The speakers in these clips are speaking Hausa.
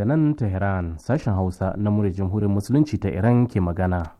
daga nan Iran: sashen Hausa na muryar Jamhuriyar Musulunci ta Iran ke magana.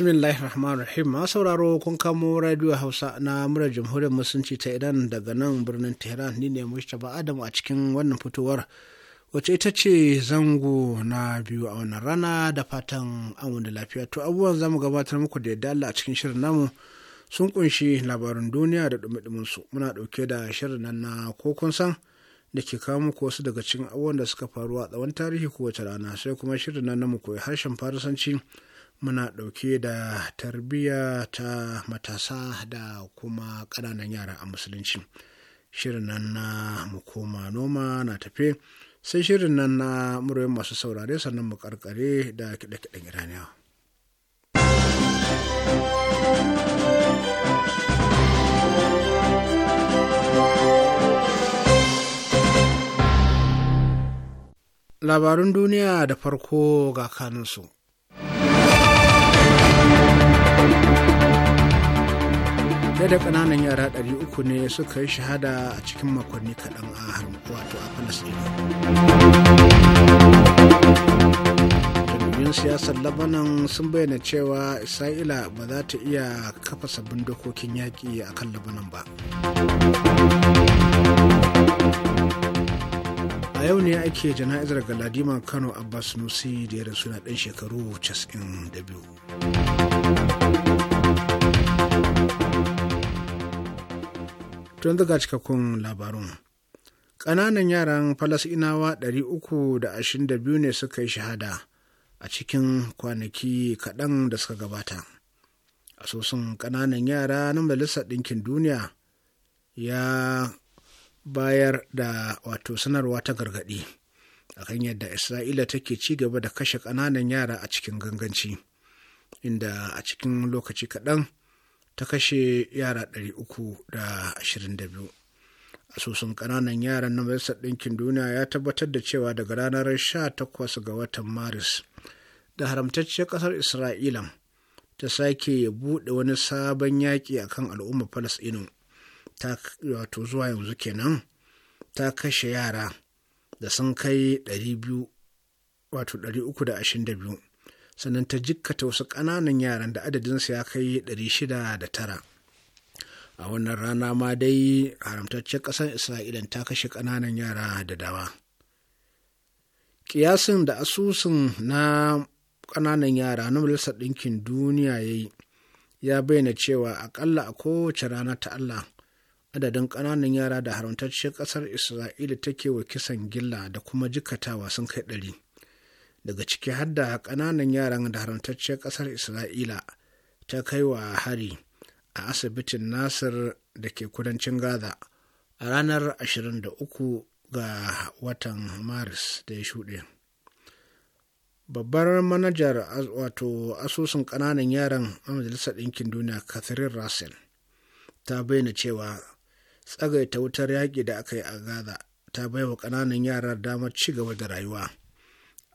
bismillahir rahmanir rahim ma sauraro kun kamo radio hausa na murar jamhuriyar musulunci ta iran daga nan birnin tehran ni ne ba adam a cikin wannan fitowar wace ita ce zango na biyu a wannan rana da fatan an da lafiya to abubuwan zamu gabatar muku da yadda Allah a cikin shirin namu sun kunshi labarin duniya da dumi su muna dauke da shirin nan na ko san da ke kawo muku wasu daga cikin abubuwan da suka faru a tsawon tarihi ko kowace rana sai kuma shirin nan namu koyi harshen farisanci muna ɗauke da tarbiyya ta matasa da kuma ƙananan yara a musulunci shirin nan na mu koma noma na tafe sai shirin nan na muryoyin masu saurare sannan mu karkare da kiɗe-kiɗen iraniya labarun duniya da farko ga kanunsu fiye da ƙananan yara 300 ne suka yi shahada a cikin makonni kaɗan a harin wato a falasɗinu jami'in siyasar labanan sun bayyana cewa isra'ila ba za ta iya kafa sabbin dokokin yaƙi a kan labanan ba a yau ne ake jana'izar galadima kano abbas nusi da ya rasu na ɗan shekaru 92 tun daga cikakkun labarun ƙananan yaran falasinawa biyu ne suka yi shahada a cikin kwanaki kaɗan da suka gabata asusun ƙananan yara na majalisar ɗinkin duniya ya bayar da wato sanarwa ta gargaɗi akan yadda isra'ila take ci gaba da kashe ƙananan yara a cikin ganganci inda a cikin lokaci kaɗan ta kashe yara 322 asusun ƙananan yaran na majalisar ɗinkin duniya ya tabbatar da cewa daga ranar 18 ga watan maris da haramtacciyar ƙasar isra'ila ta sake buɗe wani sabon yaƙi akan al'ummar falasɗinu ta wato zuwa yanzu kenan ta kashe yara da sun kai 322 sannan ta jikkata wasu ƙananan yaran da adadinsu ya kai shida da tara, a wannan rana ma dai haramtaccen ƙasar Isra'ila ta kashe ƙananan yara da dama ƙiyasin da asusun na ƙananan yara na majalisar ɗinkin duniya ya yi ya bayyana cewa aƙalla a kowace rana ta allah adadin ƙananan yara da haramtaccen ƙasar isra'ila take wa kisan gilla da kuma jikatawa sun kai ɗari daga ciki har da ƙananan yaran da haramtacciyar ƙasar isra'ila ta kai wa hari a asibitin nasir da ke kudancin gaza a ranar 23 ga watan maris da ya shuɗe babbar manajar wato asusun ƙananan yaran a majalisar ɗinkin duniya catherine russell ta bayyana cewa tsagaita wutar yaƙi da aka yi a gaza ta baiwa ƙananan yaran damar ci gaba da rayuwa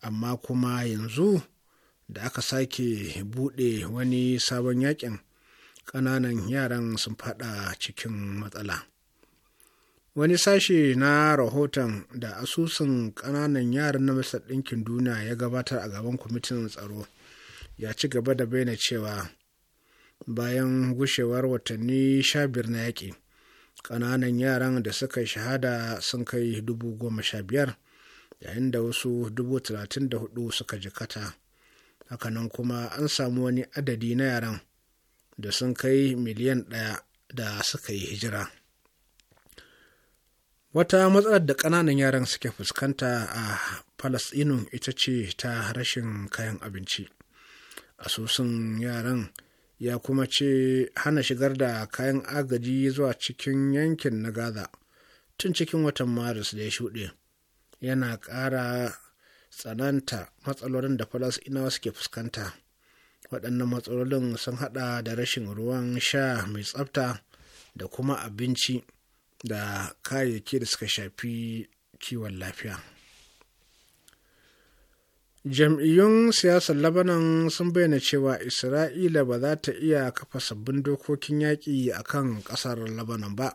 amma kuma yanzu da aka sake buɗe wani sabon yakin ƙananan yaran sun faɗa cikin matsala wani sashe na rahoton da asusun ƙananan yaran na masar ɗinkin duniya ya gabatar a gaban kwamitin tsaro ya ci gaba da bayyana cewa bayan gushewar watanni sha biyar na yaƙi ƙananan yaran da suka shahada sun kai dubu goma sha biyar yayin da wasu dubu talatin da hudu suka jikata hakanan kuma an samu wani adadi na yaran da sun kai miliyan ɗaya da suka yi hijira wata matsalar da ƙananan yaran suke fuskanta a falasɗinu ita ce ta rashin kayan abinci asusun yaran ya kuma ce hana shigar da kayan agaji zuwa cikin yankin na gaza tun cikin watan maris da ya shuɗe yana ƙara tsananta matsalolin da falasɗinawa suke fuskanta waɗannan matsalolin sun haɗa da rashin ruwan sha mai tsafta da kuma abinci da kayayyaki da suka shafi kiwon lafiya jam'iyyun siyasar labanan sun bayyana cewa isra'ila ba za ta iya kafa sabbin dokokin yaƙi a kan ƙasar labanan ba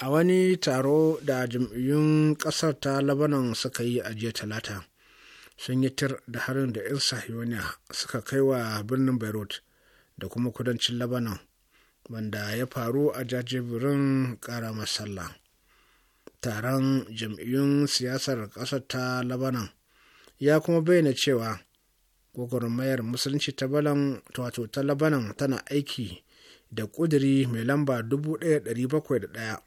a wani taro da jam'iyyun ƙasar ta labanan suka yi a jiya talata sun yi tir da harin da 'yan sahiyoniya suka kai wa birnin beirut da kuma kudancin labanan wanda ya faru a jajibirin ƙaramar sallah taron jam'iyyun siyasar ƙasar ta labanan ya kuma bayyana cewa gwagwarmayar musulunci ta balan wato ta labanan tana aiki da ƙudiri mai lamba 1701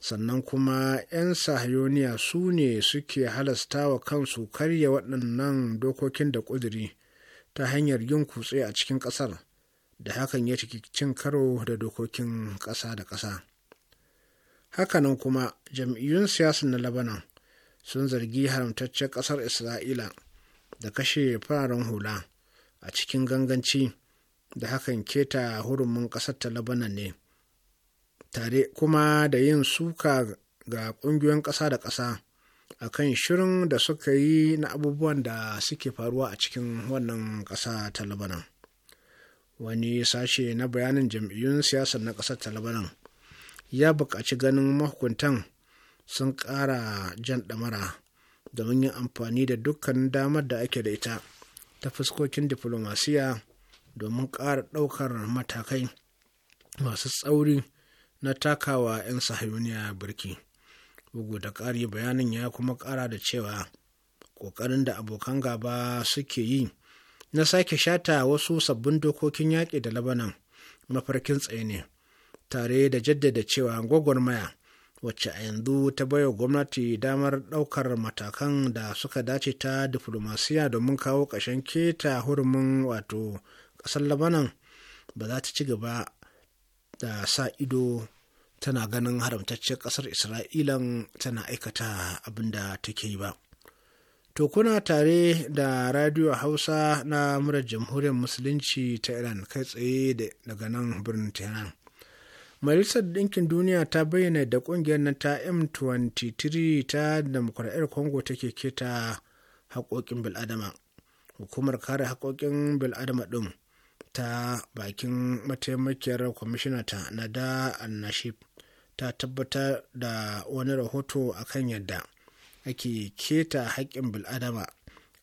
sannan kuma 'yan sahayoniya su ne suke halasta wa kansu karya waɗannan dokokin da ƙuduri ta hanyar yin kutse a cikin ƙasar da hakan ya ciki cin karo da dokokin ƙasa da ƙasa hakanan kuma jam'iyyun siyasar na labanan sun zargi haramtaccen ƙasar isra'ila da kashe fararen hula a cikin ganganci da hakan keta hurumin ƙasar ta labanan ne tare kuma da yin suka ga ƙungiyoyin ƙasa da ƙasa a kan shirin da suka yi na abubuwan da suke faruwa a cikin wannan ƙasa ta labanan wani sashe na bayanin jam'iyyun siyasar na ƙasar ta labanan ya buƙaci ganin mahukuntan sun ƙara jan ɗamara domin yin amfani da dukkan damar da ake da ita ta fuskokin diflomasiya domin ƙara ɗaukar matakai masu tsauri na takawa 'yan sahayuniya birki bugu da ƙari bayanin ya kuma ƙara da cewa ƙoƙarin da abokan gaba suke yi na sake shata wasu sabbin dokokin yaƙi da labanan mafarkin tsaye ne tare da jaddada cewa gwagwarmaya wacce a yanzu ta baiwa gwamnati damar ɗaukar matakan da suka dace ta diflomasiya domin kawo ƙashen keta hurumin wato ƙasar labanan ba za ta ci gaba da sa ido tana ganin haramtacciyar ƙasar isra'ilan tana aikata abin da take yi ba to kuna tare da radio hausa na murar jamhuriyar musulunci ta iran kai tsaye daga nan birnin tehran majalisar ɗinkin duniya ta bayyana da ƙungiyar na ta m23 ta demokuraɗiyar congo take keta haƙoƙin bil'adama hukumar kare haƙoƙin bil'adama ɗin ta bakin mataimakiyar kwamishinata nada annashib ta tabbatar da wani rahoto a kan yadda ake keta haƙƙin bil'adama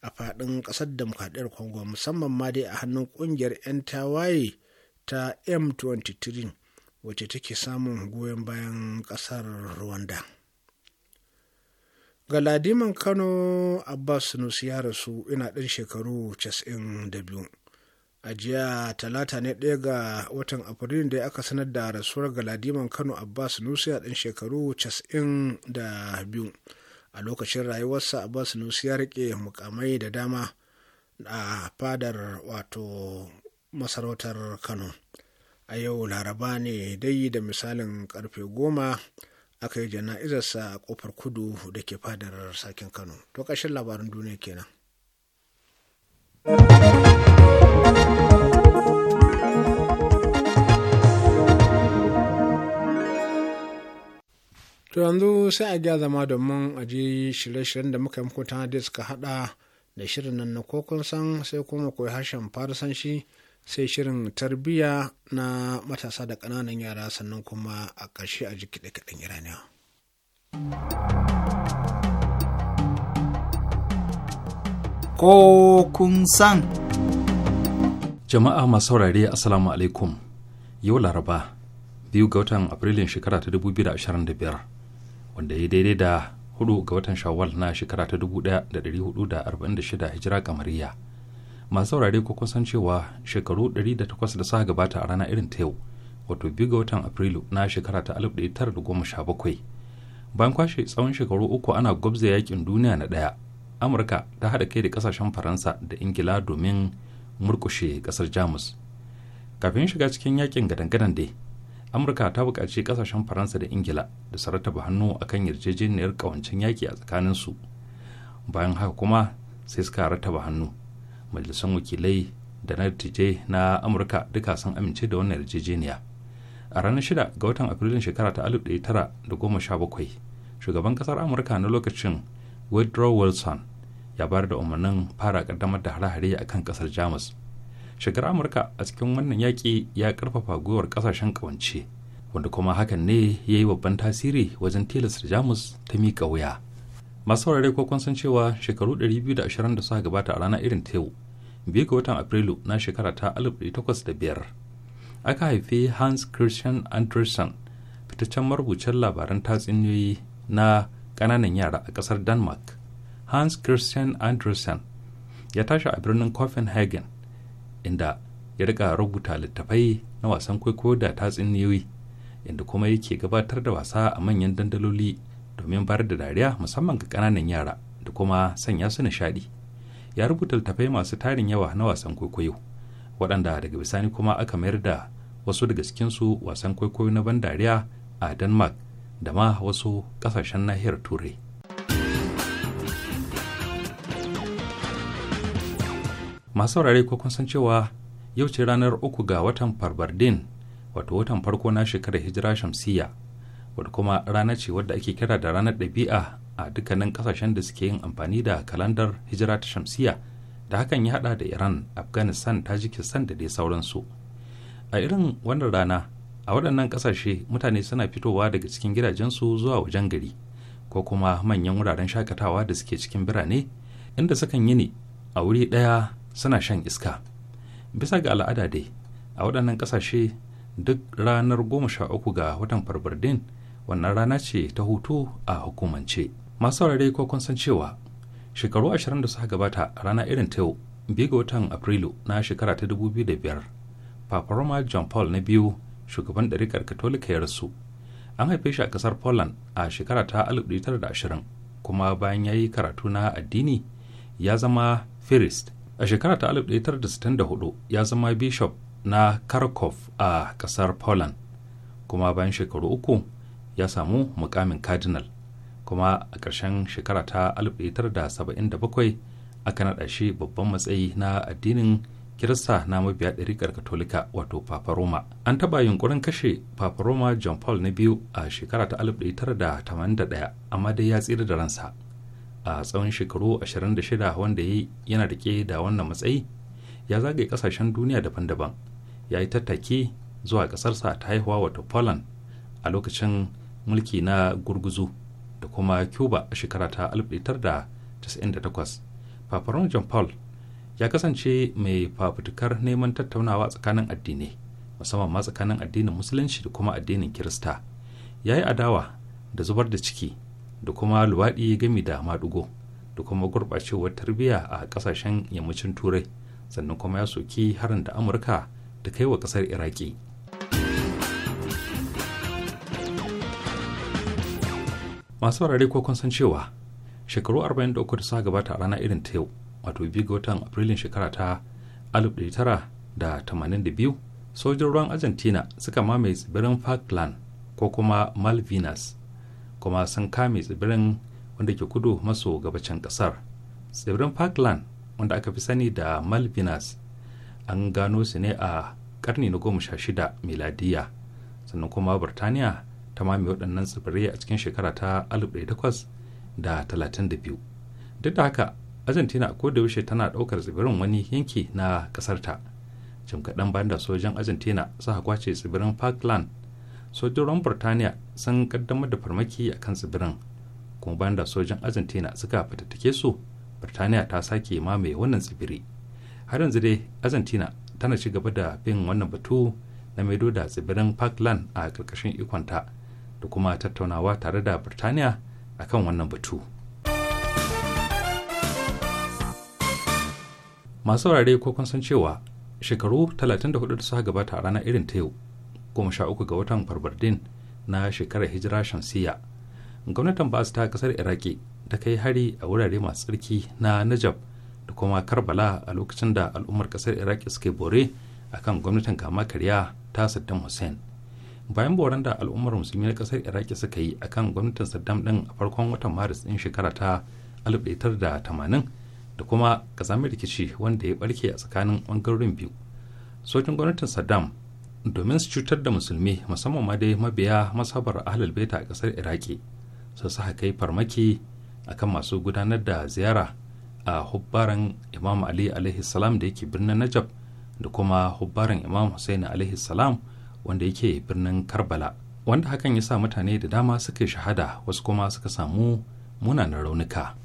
a faɗin ƙasar demokradiyyar congo musamman ma dai a hannun ƙungiyar 'yan tawaye ta m23 wacce take samun goyon bayan ƙasar rwanda galadiman kano abbas sunusi ya rasu ina ɗan shekaru 92 a jiya talata ne ɗaya ga watan afrilu da aka sanar da rasuwar galadiman kano abbas nusiya ɗan shekaru biyu, a lokacin rayuwarsa abbas nusiya riƙe mukamai da dama a fadar wato masarautar kano a yau laraba ne dai da misalin karfe goma aka yi jana'izarsa a kofar kudu da ke fadar sakin kano to ƙarshen labarin duniya kenan. To yanzu sai a gya zama domin a ji shirye-shiryen da muka muku ta da suka hada da shirin nan na kokon san sai kuma koyi harshen farisanshi sai shirin tarbiyya na matasa da ƙananan yara sannan kuma a ƙarshe a ji kiɗe-kiɗen iraniya. Kokun san. Jama'a masu saurare Assalamu alaikum. Yau Laraba, biyu ga watan Afrilun shekara ta da da biyar. wanda ya daidai da hudu ga watan shawwal na shekara ta 1446 hijira kamariya masu saurare ko kun san cewa shekaru 108 da suka gabata a rana irin ta yau wato biyu ga watan afrilu na shekara ta alif 1917 bayan kwashe tsawon shekaru uku ana gwabza yakin duniya na daya amurka ta haɗa kai da kasashen faransa da ingila domin murkushe kasar jamus kafin shiga cikin yakin gadangadan dai amurka ta buƙaci ƙasashen faransa da ingila da su rataba hannu akan yarjejeniyar ƙawancen yaƙi a tsakaninsu bayan haka kuma sai suka rataba hannu majalisar wakilai da na dattijai na amurka duka sun amince da wannan yarjejeniya a ranar shida ga watan afrilun shekara ta alif ɗaya tara da goma sha bakwai shugaban ƙasar amurka na lokacin woodrow wilson ya bayar da umarnin fara ƙaddamar da hare-hare a kan kasar jamus shigar amurka a cikin wannan yaƙi ya karfafa gwiwar ƙasashen ƙawance wanda kuma hakan ne ya yi babban tasiri wajen tilasta jamus ta miƙa wuya masu saurare ko kun san cewa shekaru 220 da suka gabata a ranar irin tewu biyu ga watan afrilu na shekara ta 1805 aka haifi hans christian andersen fitaccen marubucin labaran tatsuniyoyi na ƙananan yara a ƙasar denmark hans christian andersen ya tashi a birnin copenhagen inda ya rika rubuta littafai na wasan kwaikwayo da tatsuniyoyi inda kuma yake gabatar da wasa a manyan dandaloli domin bayar da dariya musamman ga ƙananan yara da kuma sanya su nishaɗi ya rubuta littafai masu tarin yawa na wasan kwaikwayo waɗanda daga bisani kuma aka mayar da wasu daga su wasan kwaikwayo na ban dariya a denmark da ma wasu ƙasashen nahiyar turai masu saurare ko kun san cewa yau ce ranar uku ga watan farbardin wato watan farko na shekarar hijira shamsiyya wadda kuma rana ce wadda ake kira da ranar ɗabi'a a dukkanin kasashen da suke yin amfani da kalandar hijira ta shamsiyya da hakan ya haɗa da iran afghanistan tajikistan da dai sauransu a irin wannan rana a waɗannan ƙasashe mutane suna fitowa daga cikin gidajensu zuwa wajen gari ko kuma manyan wuraren shakatawa da suke cikin birane inda sukan yi ne a wuri ɗaya suna shan iska bisa ga al'ada dai a waɗannan ƙasashe duk ranar goma sha uku ga watan farbardin wannan rana ce ta hutu a hukumance masu saurare ko kun san cewa shekaru ashirin da suka gabata rana irin ta yau biyu ga watan afrilu na shekara ta dubu biyu da biyar papa roma john paul na biyu shugaban ɗarikar katolika ya rasu an haife shi a ƙasar poland a shekara ta 1920 kuma bayan ya yi karatu na addini ya zama firist a shekara ta 1964 ya zama bishop na kharkov a kasar poland kuma bayan shekaru uku ya samu mukamin cardinal kuma a ƙarshen shekara ta 1977 aka naɗa shi babban matsayi na addinin kirista na mabiya ɗariƙar katolika wato papa roma an taɓa yunƙurin kashe papa roma john paul na biyu a shekara ta 1981 amma dai ya tsira da ransa a tsawon shekaru 26 wanda ya yana rike da wannan matsayi ya zagaye kasashen duniya daban-daban ya yi tattake zuwa kasarsa ta haihuwa wato poland a lokacin mulki na gurguzu da kuma cuba a shekara ta 1998 paparon john paul ya kasance mai fafutukar neman tattaunawa tsakanin addinai musamman ma tsakanin addinin musulunci da kuma addinin kirista ya yi adawa da zubar da ciki da kuma luwaɗi gami da maɗugo da kuma gurɓacewar tarbiyya a ƙasashen yammacin turai sannan kuma ya soki harin da amurka ta kai wa ƙasar iraki masu wurare ko kun san cewa shekaru 43 da suka gabata a rana irin ta yau wato biyu ga watan afrilun shekara ta 1982 sojin ruwan argentina suka mamaye tsibirin falkland ko kuma malvinas kuma sun kame tsibirin wanda ke kudu maso gabacin kasar tsibirin parkland wanda aka fi sani da malvinas an gano su ne a karni na goma sha shida miladiya sannan kuma birtaniya ta mame waɗannan tsibirai a cikin shekara ta 1832 duk da haka argentina ko da yaushe tana ɗaukar tsibirin wani yanki na ƙasarta jim kaɗan bayan da sojan argentina suka kwace tsibirin parkland sojojin burtaniya sun kaddamar da farmaki a kan tsibirin kuma bayan da sojan argentina suka fatattake su burtaniya ta sake mamaye wannan tsibiri har yanzu dai argentina tana ci gaba da bin wannan batu na maido da tsibirin parkland a ƙarƙashin ikonta da kuma tattaunawa tare da burtaniya akan wannan batu masu wurare ko kun san cewa shekaru 34 da suka gabata a ranar irin ta yau goma sha uku ga watan farbardin na shekarar hijira shamsiya gwamnatin ba ta kasar iraki ta kai hari a wurare masu tsarki na najab da kuma karbala a lokacin da al'ummar kasar iraki suke bore akan gwamnatin kama karya ta saddam hussein bayan boran da al'ummar musulmi na kasar iraki suka yi akan gwamnatin saddam din a farkon watan maris din shekara ta 1980 da kuma kazamin rikici wanda ya barke a tsakanin bangarorin biyu sojin gwamnatin saddam domin su cutar da musulmi musamman ma dai mabiya masabar ahlul baita a kasar iraki su sa kai farmaki akan masu gudanar da ziyara a hubbaran imam ali alaihi salam da yake birnin najab da kuma hubbaran imam hussein alaihi salam wanda yake birnin karbala wanda hakan ya sa mutane da dama suka shahada wasu kuma suka samu munanan raunuka.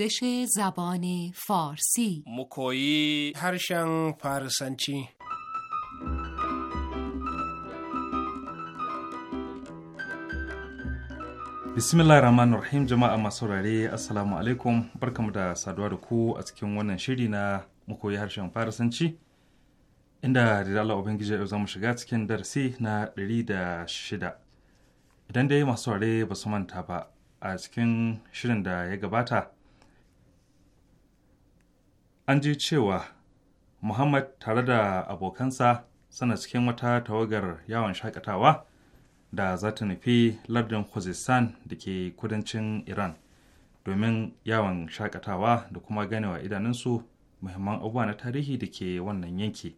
آموزش زبان فارسی مکویی هرشن فارسنچی bismillah rahman rahim jama'a masu saurare assalamu alaikum barkamu da saduwa da ku a cikin wannan shiri na mukoyi harshen farisanci inda da Allah ubangiji yau zamu shiga cikin darasi na ɗari da shida idan dai masu saurare ba su manta ba a cikin shirin da ya gabata an ji cewa muhammad tare da abokansa sana cikin wata tawagar yawon shakatawa da za ta nufi lardin khuzistan da ke kudancin iran domin yawon shakatawa da kuma ganewa idanunsu muhimman abubuwa na tarihi da ke wannan yanki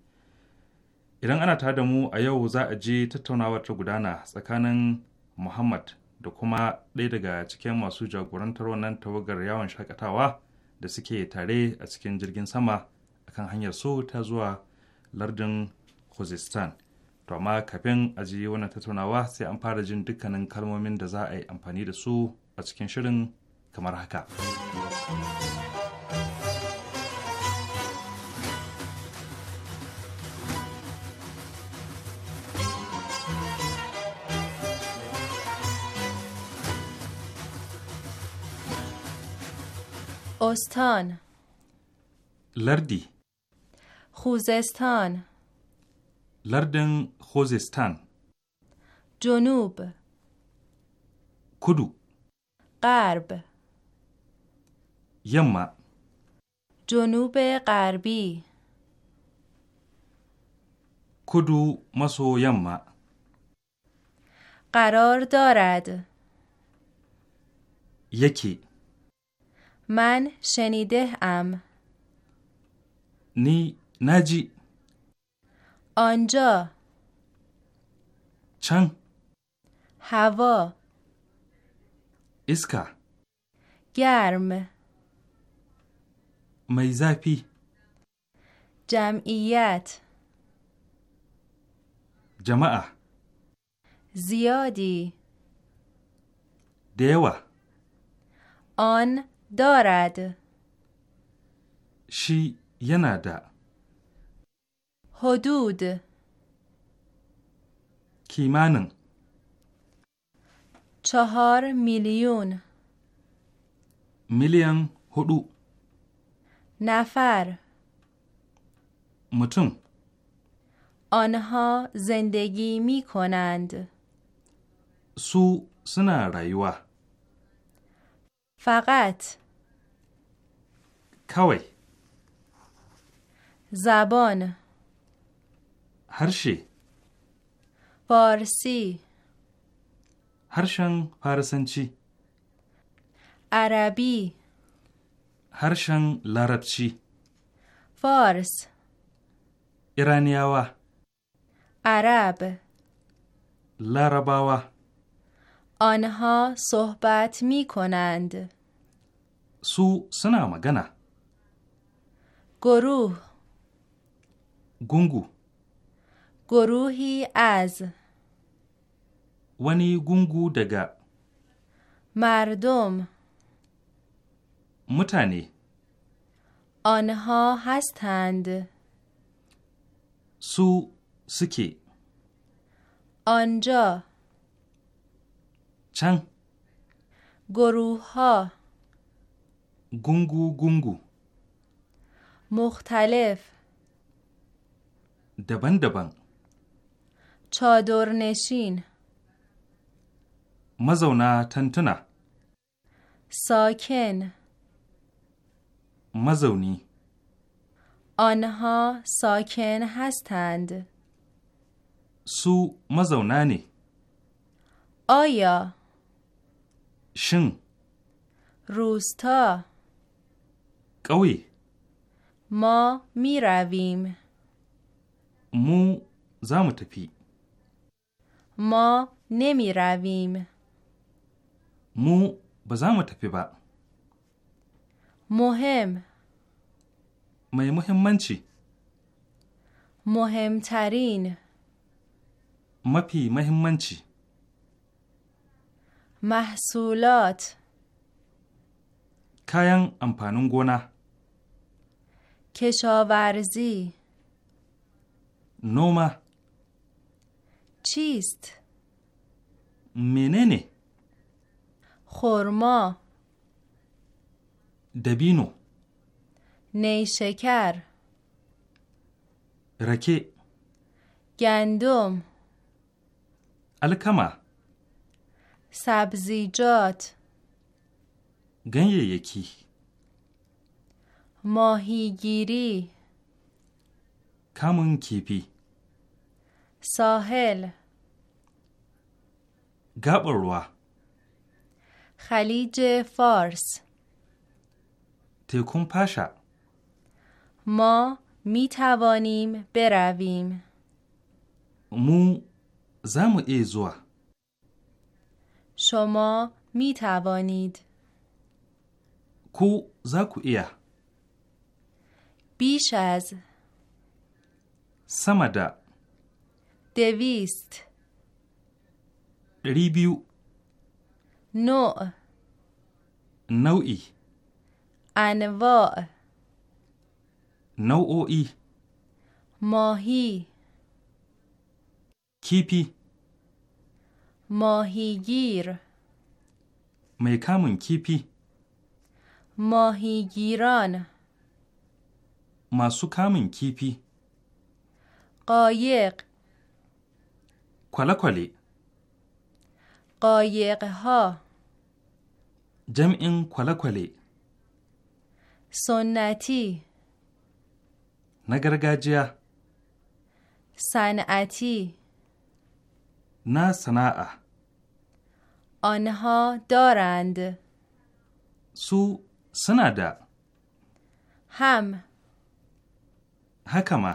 idan ana tare da mu a yau za a ji tattaunawa ta gudana tsakanin muhammad da kuma ɗaya daga cikin masu jagorantar wannan tawagar yawon shakatawa da suke tare a cikin jirgin sama a kan hanyar su ta zuwa lardin khuzestan to amma kafin a ji wannan tattaunawa sai an fara jin dukkanin kalmomin da za a yi amfani da su a cikin shirin kamar haka. استان لردی خوزستان لردن خوزستان جنوب کدو غرب یما جنوب غربی کدو مسو یما قرار دارد یکی من شنیده ام نی نجی آنجا چنگ هوا اسکا گرم میزاپی جمعیت جماعه زیادی دیوه آن دارد شی یندا حدود کیمانن چهار میلیون میلیون هدو نفر متون آنها زندگی می کنند سو سنا رایوه فقط کاوی زبان هرشی فارسی هرشن فارسنچی عربی هرشن لاربچی فارس ایرانیاوا عرب لارباوا آنها صحبت می کنند سو سنا مگنا گروه گونگو گروهی از ونی گونگو دگا مردم متنی آنها هستند سو سکی آنجا چنگ گروه ها گونگو گونگو مختلف دبن دبن چادر نشین مزونا تنتنا ساکن مزونی آنها ساکن هستند سو مزونانی آیا shin Rusta ƙauye ma miravim mu za mu tafi ma ne miravim mu ba za mu tafi ba muhim mai muhimmanci muhimtarin mafi muhimmanci محصولات کایان امپانون گونا کشاورزی نوما چیست مننه خرما دبینو نیشکر رکی گندم الکما سبزیجات یکی ماهیگیری کامون کیپی ساحل گابروا خلیج فارس تکون پاشا ما می توانیم برویم مو زمو ایزوه شما می توانید کو زاکو ایا بیش از سمدا دویست ریبیو نو نوعی انواع نوعی ماهی کیپی ماهیگیر میکمون کیپی ماهیگیران ماسو کمون کیپی قایق کلا کلی قایق ها جمع این کلا کلی سنتی نگرگاجیا صنعتی نه صناعه آنها دارند سو سنادا هم حکما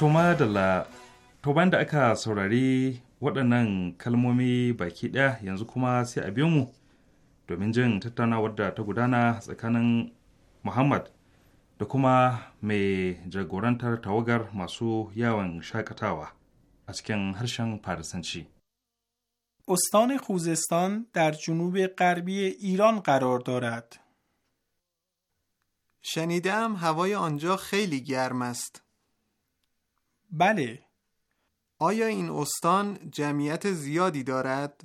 Tuma da la, to da aka saurari waɗannan kalmomi baki ɗaya yanzu kuma sai a biyo mu domin jin tattaunawar da ta gudana tsakanin muhammad da kuma mai jagorantar tawagar masu yawon shakatawa a cikin harshen farisanci. استان خوزستان در جنوب غربی ایران قرار دارد. شنیدم هوای آنجا خیلی گرم است. بله، آیا این استان جمعیت زیادی دارد؟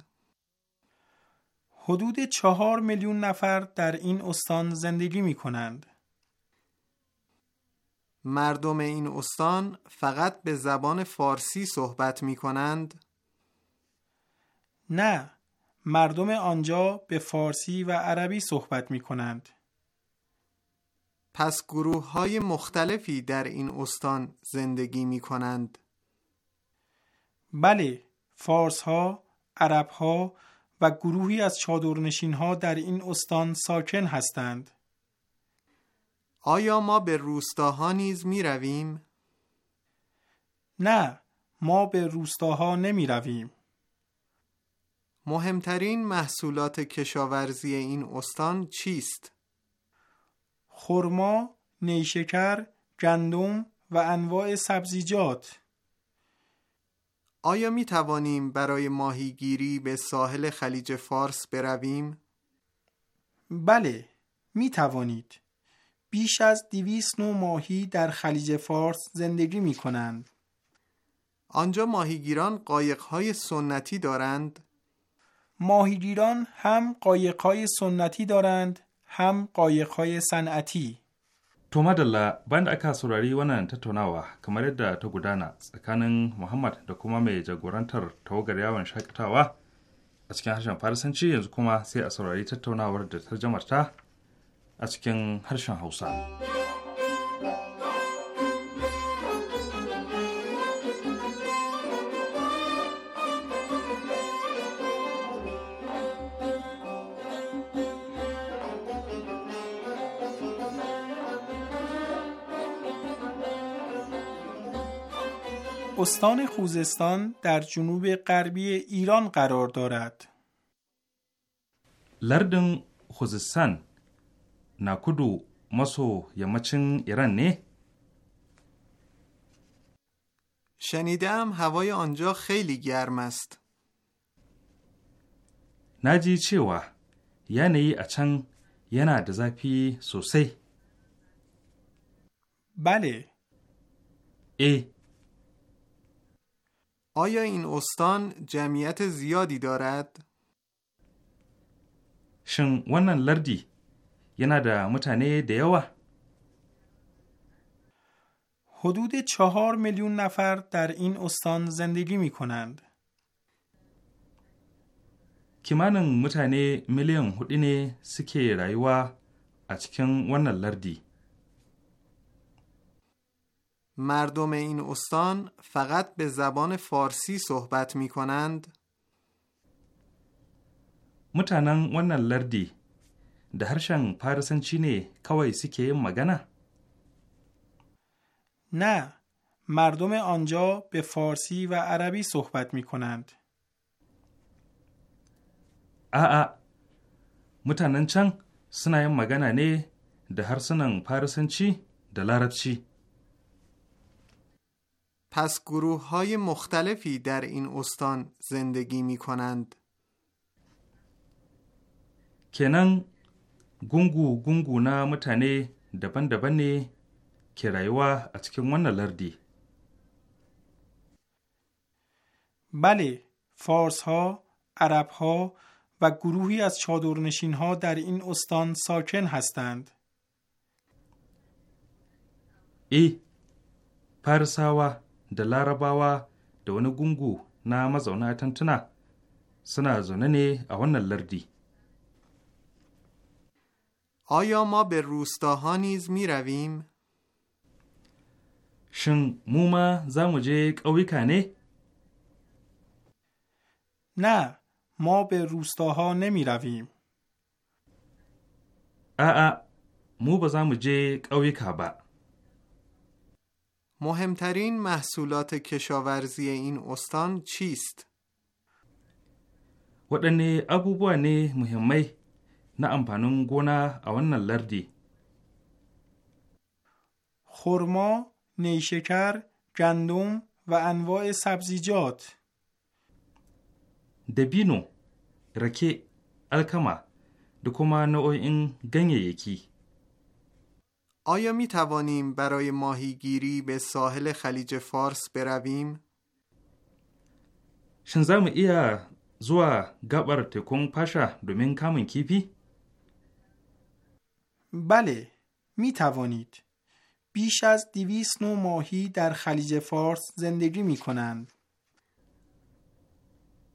حدود چهار میلیون نفر در این استان زندگی می کنند. مردم این استان فقط به زبان فارسی صحبت می کنند؟ نه، مردم آنجا به فارسی و عربی صحبت می کنند. پس گروه های مختلفی در این استان زندگی می کنند. بله فارس ها عرب ها و گروهی از چادرنشین ها در این استان ساکن هستند آیا ما به روستاها نیز می رویم؟ نه ما به روستاها نمی رویم مهمترین محصولات کشاورزی این استان چیست؟ خرما، نیشکر، گندم و انواع سبزیجات آیا می توانیم برای ماهیگیری به ساحل خلیج فارس برویم؟ بله، می توانید. بیش از دویست نو ماهی در خلیج فارس زندگی می کنند. آنجا ماهیگیران قایقهای سنتی دارند؟ ماهیگیران هم قایقهای سنتی دارند، هم قایقهای صنعتی. To madalla bayan da aka saurari wannan tattaunawa kamar yadda ta gudana tsakanin Muhammad da kuma mai jagorantar tawagar yawon shakatawa a cikin harshen Farisanci yanzu kuma sai a saurari tattaunawar da tarjamarta a cikin harshen Hausa. استان خوزستان در جنوب غربی ایران قرار دارد. لردن خوزستان ناکودو مسو یمچن ایران نه؟ شنیدم هوای آنجا خیلی گرم است. ناجی چیوا یعنی اچن یعنی دزاپی سوسی بله ای آیا این استان جمعیت زیادی دارد؟ شن ونن لردی ینا دا متانه دیوا حدود چهار میلیون نفر در این استان زندگی می کنند. که من miliyan میلیون ne سکه rayuwa a cikin مردم این استان فقط به زبان فارسی صحبت می کنند؟ mutanen wannan lardi da harshen farisanci ne kawai suke yin magana? نه مردم آنجا به فارسی و عربی صحبت می کنند. a'a mutanen can suna yin magana ne da harsunan farisanci da larabci. پس گروه های مختلفی در این استان زندگی می کنند. کنن گونگو گونگو نا متانه دبن دبنه لردی. بله، فارس ها، عرب ها و گروهی از چادرنشین ها در این استان ساکن هستند. ای، پرساوا da larabawa da wani gungu na mazauna tantuna suna zaune ne a wannan lardi آیا ما به روستاها نیز می رویم؟ shin mu ma za mu je ƙauyuka ne? Na, ma be rustaha nemi ravim. A'a, mu ba za mu je ƙauyuka ba. مهمترین محصولات کشاورزی این استان چیست؟ waɗanne abubuwa ne muhimmai na amfanin gona a wannan lardi? خرما، نیشکر، گندم و انواع سبزیجات دبینو، رکه، الکما da این nau'o'in یکی آیا می توانیم برای ماهیگیری به ساحل خلیج فارس برویم؟ شن ایا زوا iya zuwa تکون پاشا کامن کیپی؟ کامن بله می توانید بیش از دیویس نو ماهی در خلیج فارس زندگی می کنند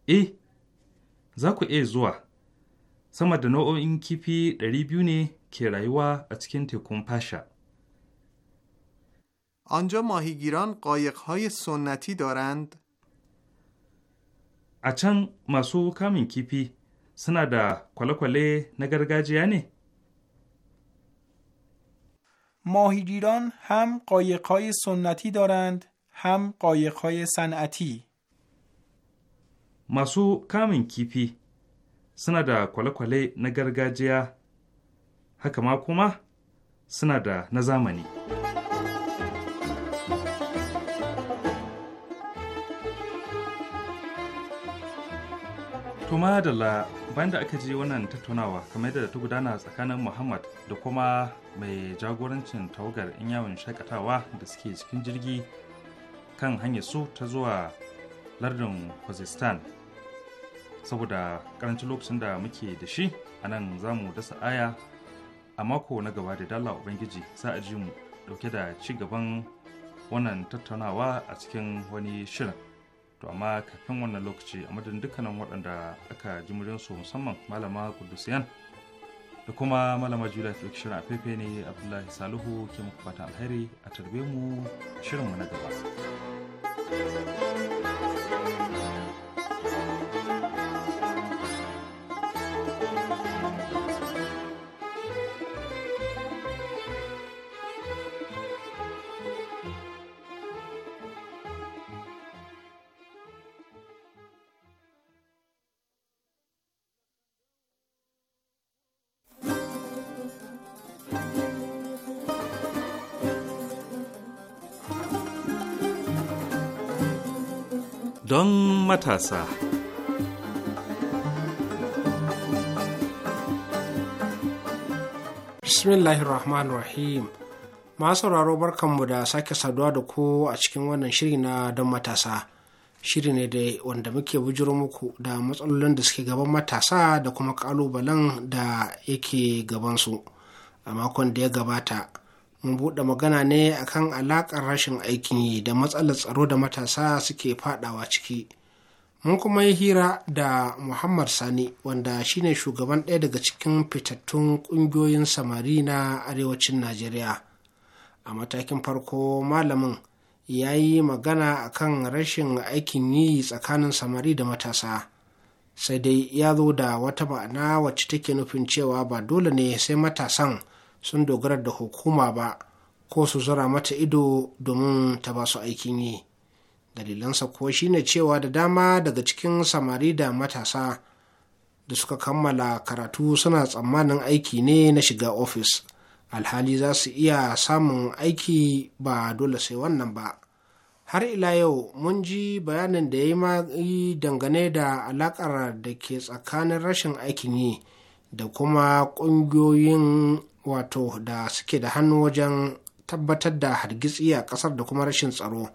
ای زاکو ای زوا، سمد نو این کیپی kifi 200 که رایوا از تکون آنجا ماهیگیران قایقهای سنتی دارند؟ اچن مسو کامین کیپی سنا دا کله کله ماهیگیران هم قایقهای سنتی دارند هم قایقهای صنعتی مسو کامین کیپی suna da kwale haka ma kuma suna da na zamani. Tuma da la bayan da aka ji wannan tattaunawa kamar yadda ta gudana tsakanin Muhammad da kuma mai jagorancin tawagar in yawon shakatawa da suke cikin jirgi kan hanyar su ta zuwa lardin Khuzestan. Saboda karancin lokacin da muke da shi, a nan za mu dasa aya a mako na gaba da dala ubangiji za a ji mu dauke da ci gaban wannan tattaunawa a cikin wani shirin to amma kafin wannan lokaci a madadin dukkanin waɗanda aka ji su musamman malama kudusiyan da kuma malama julia ta shirin a fefe ne abdullahi saluhu ke muku fata alheri a tarbe mu shirinmu na gaba thank you matasa. Bismillahir Rahmanir Rahim. Masu sauraro barkanmu da sake saduwa da ku a cikin wannan shiri na don matasa. Shiri ne da wanda muke bujiro muku da matsalolin da suke gaban matasa da kuma kalubalen da yake gabansu. A makon da ya gabata, mun buɗe magana ne akan alaƙar rashin aikin yi da matsalar tsaro da matasa suke faɗawa ciki. mun kuma yi hira da muhammad sani wanda shine shugaban ɗaya daga cikin fitattun ƙungiyoyin samari na arewacin najeriya a matakin farko malamin ya yi magana kan rashin aikin yi tsakanin samari da matasa sai dai ya zo da wata ma'ana wacce take nufin cewa ba dole ne sai matasan sun dogara da hukuma ba ko su zura mata ido domin ta ba su aikin yi dalilansa kuwa shine cewa da dama daga cikin samari da matasa da suka kammala karatu suna tsammanin aiki ne na shiga ofis alhali za su iya samun aiki ba dole sai wannan ba har ila yau mun ji bayanin da ya yi dangane da alakar da ke tsakanin rashin aikin yi da kuma ƙungiyoyin wato da suke da hannu wajen tabbatar da hargitsi a ƙasar da kuma rashin tsaro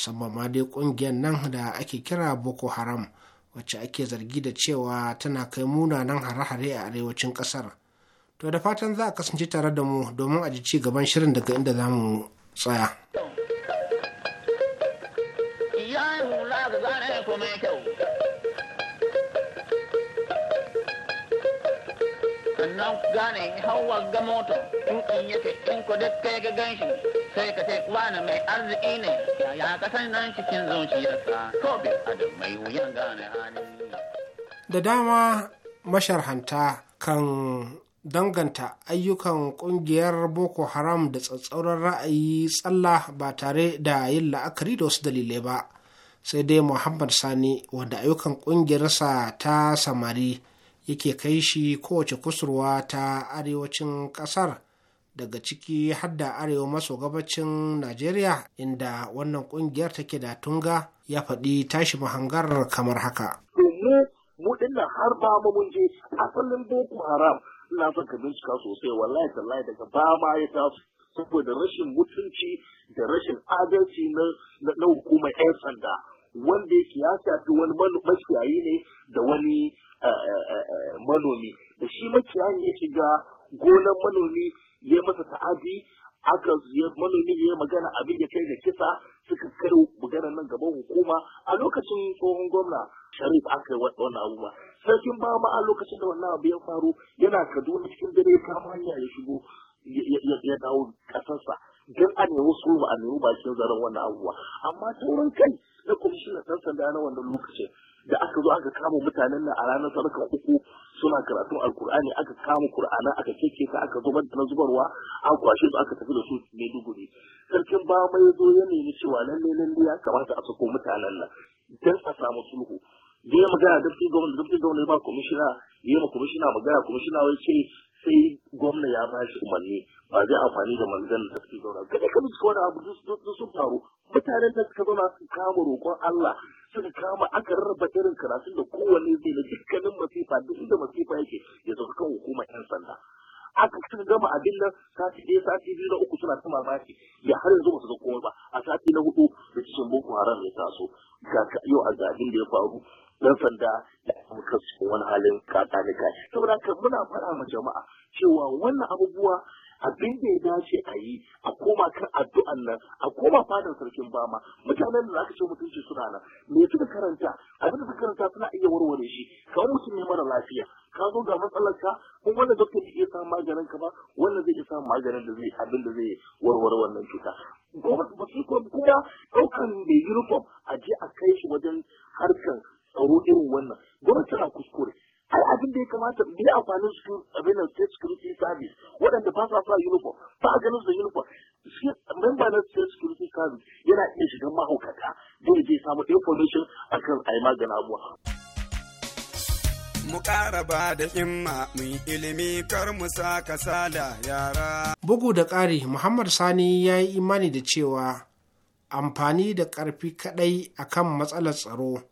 musamman ma dai ƙungiyar nan da ake kira boko haram wacce ake zargi da cewa tana kai munanan hare-hare a arewacin ƙasar to da fatan za a kasance tare da mu domin a ji ci gaban shirin daga inda za mu tsaya ya hula zan gane hawa ga mota in yake in ko duk kai ga ganshi sai ka ce wani mai arziki ne ya ka san nan cikin zuciyarsa ko bi adam mai wuyan gane hali da dama masharhanta kan danganta ayyukan kungiyar boko haram da tsatsauran ra'ayi tsalla ba tare da yin la'akari da wasu dalilai ba sai dai muhammad sani wanda ayyukan kungiyarsa ta samari yake kai shi kowace kusurwa ta arewacin ƙasar daga ciki hadda arewa maso gabacin najeriya inda wannan kungiyar take da tunga ya faɗi tashi mahangar kamar haka mu dinnan har ba mu mun je asalin boko haram na son ka bincika sosai wallahi tallahi daga ba ma ya tasu saboda rashin mutunci da rashin adalci na hukumar yan sanda wanda ya shafi wani mashiyayi ne da wani manomi da shi makiyayin ya shiga gonan manomi ya masa ta'adi aka manomi ya magana abin da kai da kisa suka kai magana nan gaba hukuma a lokacin tsohon gwamna sharif aka yi wannan abubuwa sarkin ba ma a lokacin da wannan abu ya faru yana kaduna cikin dare kama hanya ya shigo ya dawo kasarsa don a nemi sulhu a nemi bakin zaren wannan abubuwa amma sauran kai na shi na sanda na wannan lokacin da aka zo aka kama mutanen nan a ranar sarkar uku suna karatun alkur'ani aka kama kur'ana aka keke ta aka zubar da na zubarwa an kwashe su aka tafi da su maiduguri sarkin ba mai zo ya nemi cewa lalle lalle ya kamata a sako mutanen nan don a samu sulhu da ya magana da fi gwamnati da fi gwamnati ba kwamishina ya ma kwamishina magana kwamishina wai ce sai gwamna ya ba shi umarni ba zai amfani da manzan da fi gwamnati kada ka bi wani abu duk sun faru mutanen da suka zama su kama roƙon Allah suka kama aka rarraba irin karatun da kowane zai na dukkanin masifa duk inda masifa yake ya zama kan hukumar 'yan sanda. aka suka gama abin nan sati ɗaya sati biyu na uku suna ta mamaki ya har yanzu masu ga ba a sati na hudu da cikin boko haram ya taso ga yau a zabin da ya faru dan sanda da muka cikin wani halin kakanika saboda haka muna faɗa ma jama'a cewa wannan abubuwa abin da ya dace a yi a koma kan addu'an nan a koma fadar sarkin bama mutanen da zaka ce mutunci suna nan me suka karanta abin da suka karanta suna iya warware shi kamar mutum ne mara lafiya ka zo ga matsalar ka kun wanda doktor ke iya maganin ka ba wannan zai iya samun maganin da zai abin da zai warware wannan cuta kuma ɗaukan da uniform a je a kai shi wajen harkar tsaro irin wannan gwamnati tana kuskure ai abin da ya kamata me ya amfanin su abin da state security service waɗanda ba sa sa uniform ba ganin su uniform shi member na state security service yana iya shigan mahaukata ya zai samu information akan ai magana abuwa mu ƙara ba da himma mu yi ilimi kar mu sa kasala yara bugu da ƙari muhammad sani ya yi imani da cewa amfani da ƙarfi kaɗai akan matsalar tsaro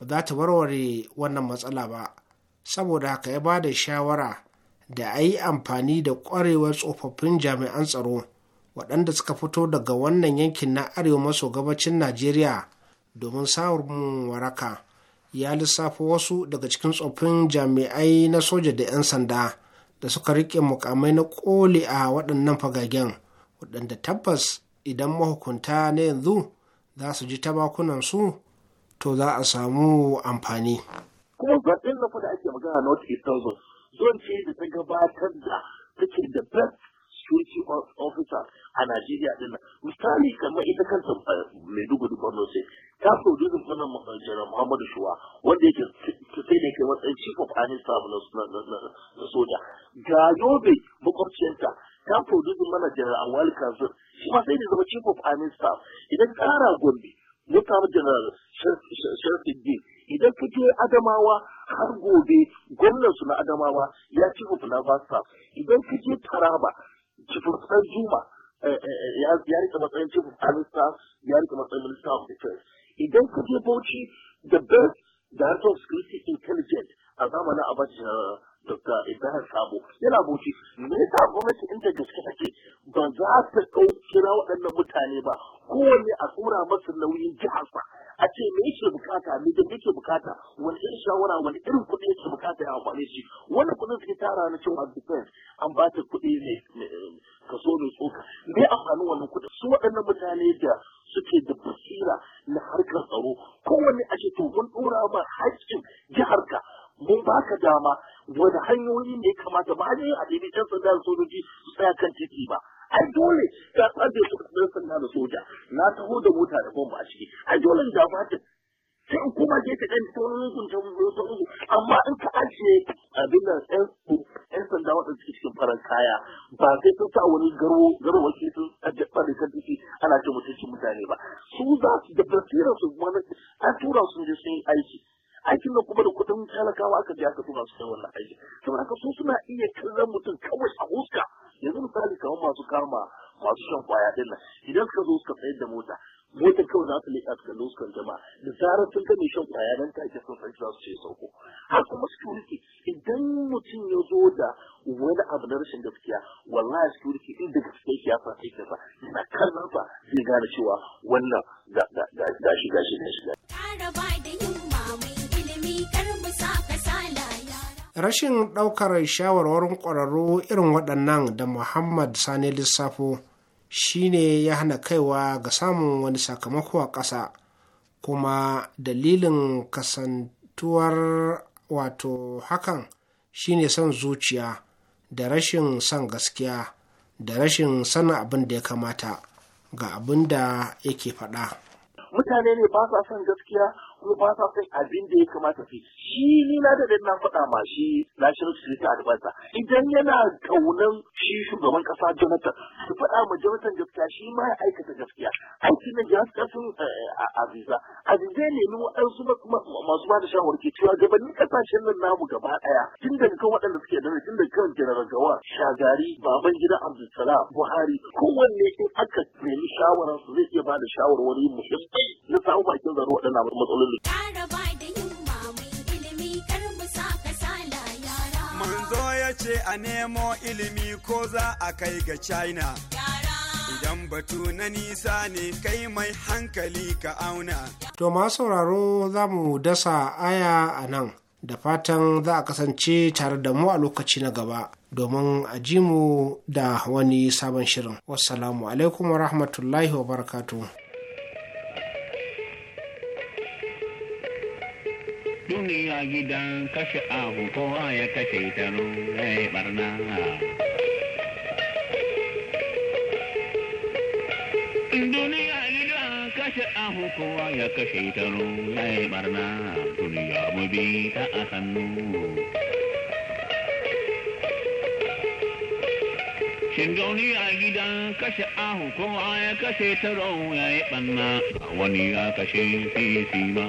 ba za ta warware wannan matsala ba saboda haka ya ba da shawara da a yi amfani da ƙwarewar tsofaffin jami'an tsaro waɗanda suka fito daga wannan yankin na arewa maso gabacin najeriya domin samun waraka ya lissafa wasu daga cikin tsoffin jami'ai na soja da 'yan sanda da suka riƙe mukamai na ƙoli a waɗannan fagagen waɗanda tabbas idan mahukunta na yanzu za su ji tabakunansu to za a samu amfani. kuma da magana North East London don ce da ta gabatar da take da best security officer a Najeriya din misali kamar ita kanta mai eh, Maiduguri Borno sai ta da wannan Jiran Muhammadu Shuwa wanda yake sai da yake matsayin chief of army staff na soja ga Yobe makwabciyarta ta da mana Jiran Awali Kansu shi ma sai da zama chief of army staff idan kara Gombe ya samu Jiran Sharfi idan kake Adamawa har gobe gwamnan su na adamawa ya ci hukuna ba idan ka je taraba cikin juma eh, eh, eh, ya rika matsayin cikin alista ya rika matsayin minista of defense idan ka je bauchi the best director of security intelligent a zamanin abaji Dr. Ibrahim Sabo yana bauchi me yasa gwamnati inda gaske take ba za ta kira waɗannan mutane ba kowanne a tsora masa nauyin jihar yake bukata me da yake bukata wani irin shawara wani irin kuɗi yake bukata ya amfani shi wannan kuɗin suke tara na cewa defense an ba ta kuɗi ne kaso mai tsoka me amfanin wannan kuɗi su waɗannan mutane da suke da basira na harkar tsaro kowanne a ce to mun ɗora ma haƙƙin jiharka mun baka dama wani hanyoyi ne kamata ba hanyoyi a daidai can sanda sojoji su tsaya kan titi ba ai dole ka tsaje su kan sanda da soja na taho da mota da bomba a ciki ai dole da ba sai kuma je ka ɗan ta wani ta wani amma in ka ajiye abin da ɗan sanda waɗanda suke cikin farar kaya ba sai sun sa wani garo garwaki sun ajiye ɓarin kan ciki ana ce mutuncin mutane ba su za su da basirar su kuma an tura su je sun yi aiki aikin nan kuma da kuɗin talakawa aka je aka tura su kai wannan aiki saboda haka su suna iya kallon mutum kawai a huska yanzu misali kamar masu kama masu shan kwaya ɗin nan idan suka zo suka tsayar da mota motar kawai za ta leƙa su kan jama'a da zarar sun ga shan kwaya nan take son sai za su ce sauko a kuma security idan mutum ya zo da wani abu na rashin gaskiya wallahi security inda da gaskiya yake ya fara aikin ba, yana kallon ba zai gane cewa wannan ga ga ga gashi gashi Rashin ɗaukar shawarwarin ƙwararru irin waɗannan da Muhammad Sani Lissafo shine ya hana kaiwa ga samun wani sakamako a ƙasa kuma dalilin kasantuwar wato hakan shine son zuciya da rashin son gaskiya da rashin sanin abin da ya kamata ga abin da yake faɗa. mutane ne ba sa son gaskiya kuma ba sa son abin da ya kamata su shi ni na da na faɗa ma shi national security advisor idan yana kaunan shi shugaban kasa jonathan su faɗa ma jonathan gaskiya shi ma ya aikata gaskiya aiki na jihar aziza eh, aziza ne ni waɗansu masu ba da ke cewa gabanin kasashen nan namu gaba ɗaya tun daga kan waɗanda suke da tun daga kan general gawa shagari baban gida abdulsalam buhari kowanne in aka nemi shawararsu zai iya ba da shawarwari muhimmai na samu bakin zaro waɗannan matsalolin. Manzo ya ce a nemo ilimi ko za a kai ga China. Idan batu na nisa ne kai mai hankali ka auna. To ma sauraro za mu dasa aya a nan. Da fatan za a kasance tare da mu a lokaci na gaba domin a ji mu da wani sabon shirin. wasu alaikum wa rahmatullahi wa barakatu. duniya gidan kashe abu kowa ya kashe ta ya barna duniya gidan kashe ahu kowa ya kashe ta ya barna duniya mu bi ta a hannu Shin gauni a gidan kashe ahu kowa ya kashe taro ya yi ɓanna wani ya kashe sisi ma.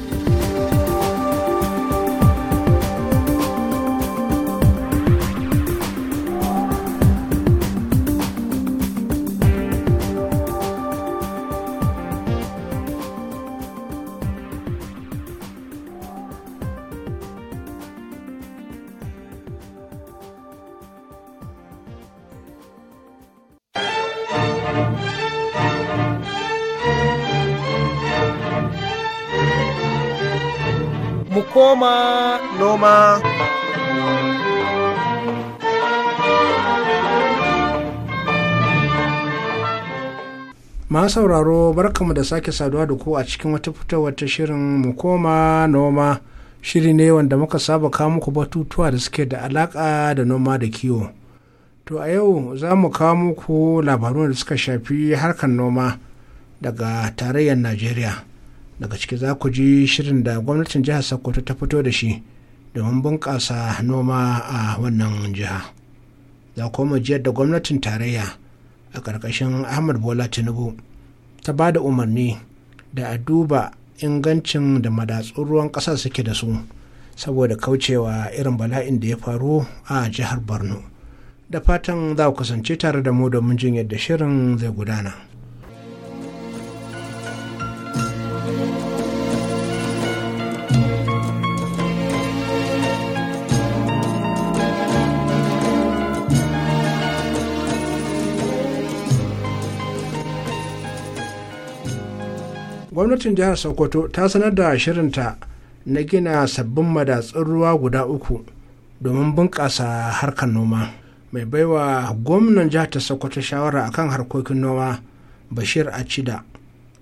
noma noma ma sauraro barkamu da sake saduwa da ku a cikin wata fitowar ta shirin mu koma noma shiri ne wanda muka saba kawo muku batutuwa da suke da alaka da noma da kiwo to a yau za mu kawo muku labarun da suka shafi harkar noma daga tarayyar najeriya daga ciki za ku ji shirin da gwamnatin jihar sokoto ta fito da shi domin bunƙasa noma a wannan jiha za kuma jiyar da gwamnatin tarayya a ƙarƙashin ahmad bola tinubu ta ba da umarni da a duba ingancin da madatsun ruwan ƙasa suke da su saboda kaucewa irin bala'in da ya faru a jihar borno da fatan za ku kasance tare da mu domin jin yadda shirin zai gudana. gwamnatin jihar sokoto ta sanar da shirinta na gina sabbin madatsun ruwa guda uku domin bunƙasa harkar noma mai baiwa gwamnan jihar ta sokoto shawara akan harkokin noma bashir cida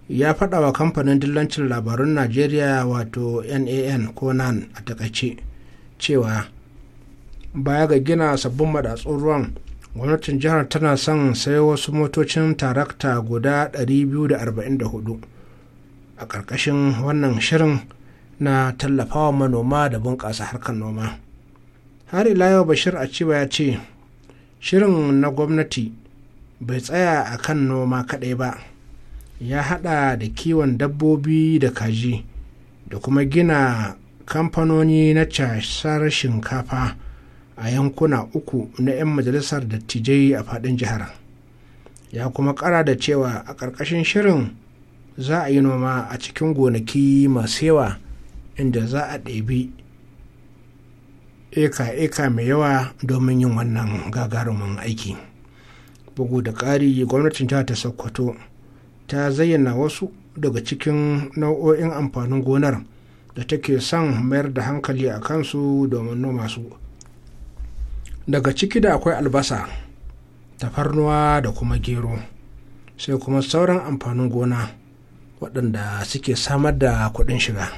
ya faɗa kamfanin dillancin labarun najeriya wato nan ko nan a takaice cewa baya ga gina sabbin madatsun ruwan gwamnatin jihar tana son sayo wasu motocin tarakta guda 244 a ƙarƙashin wannan shirin na tallafawa manoma da bunƙasa harkar noma har ila bashir a cewa ya ce shirin na gwamnati bai tsaya a kan noma kaɗai ba ya haɗa da kiwon dabbobi da kaji da kuma gina kamfanoni na casar shinkafa a yankuna uku na 'yan majalisar dattijai a faɗin jihar ya kuma ƙara da cewa a ƙarƙashin shirin za a yi noma a cikin gonaki masu yawa inda za a ɗabi eka-eka mai yawa domin yin wannan gagarumin aiki bugu da ƙari gwamnatin ta ta sokoto ta zayyana wasu daga cikin nau'o'in amfanin gonar da take son mayar da hankali a kansu domin noma su daga ciki da akwai albasa tafarnuwa da kuma gero sai kuma sauran amfanin gona waɗanda suke samar da kuɗin shiga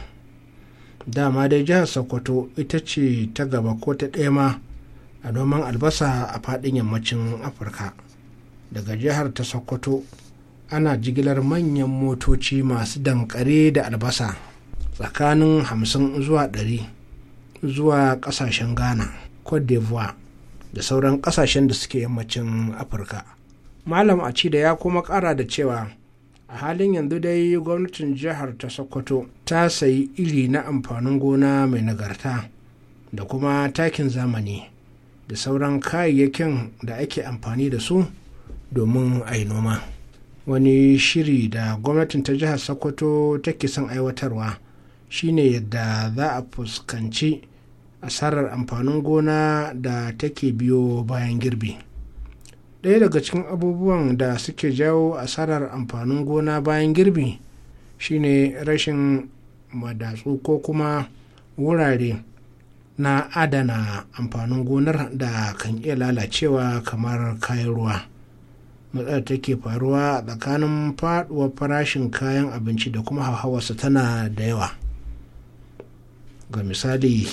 dama dai jihar sokoto ita ce ta gaba ko ta ɗaya ma a noman albasa a faɗin yammacin afirka daga jihar ta sokoto ana jigilar manyan motoci masu dankare da albasa tsakanin 50 zuwa 100 zuwa ƙasashen ghana cote d'ivoire da sauran ƙasashen da suke yammacin afirka malam a ci da ya kuma ƙara da cewa a halin yanzu dai gwamnatin jihar ta sokoto ta sayi iri na amfanin gona mai nagarta da kuma takin zamani da sauran kayayyakin da ake amfani da su domin a yi noma wani shiri da gwamnatin ta jihar sokoto take son aiwatarwa shine yadda za a fuskanci asarar amfanin gona da take biyo bayan girbi. ɗaya daga cikin abubuwan da suke jawo asarar amfanin gona bayan girbi shine rashin madatsu ko kuma wurare na adana amfanin gonar da kan iya lalacewa kamar kayan ruwa matsalar take faruwa tsakanin faduwar farashin kayan abinci da kuma hauhawarsa tana da yawa ga misali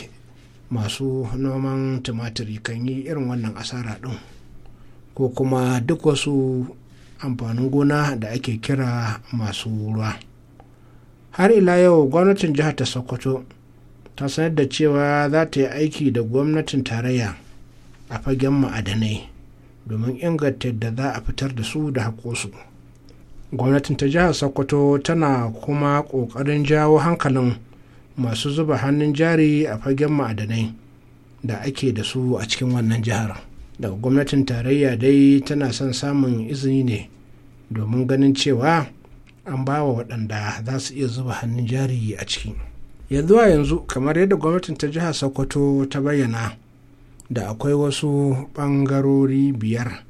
masu noman tumatiri kan yi irin wannan asara ɗin. ko kuma duk wasu amfanin gona da ake kira masu ruwa har ila yau gwamnatin jihar ta sokoto ta sanar da cewa za ta yi aiki da gwamnatin tarayya a fagen ma'adanai domin inganta da za a fitar da su da haƙosu gwamnatin ta jihar sokoto tana kuma ƙoƙarin jawo hankalin masu zuba hannun jari a fagen ma'adanai da ake da su a cikin wannan jihar. daga gwamnatin tarayya dai tana son samun izini ne domin ganin cewa an ba wa waɗanda za su iya zuba hannun jari a ciki yanzu a yanzu kamar yadda gwamnatin ta jihar sokoto ta bayyana da akwai wasu ɓangarori biyar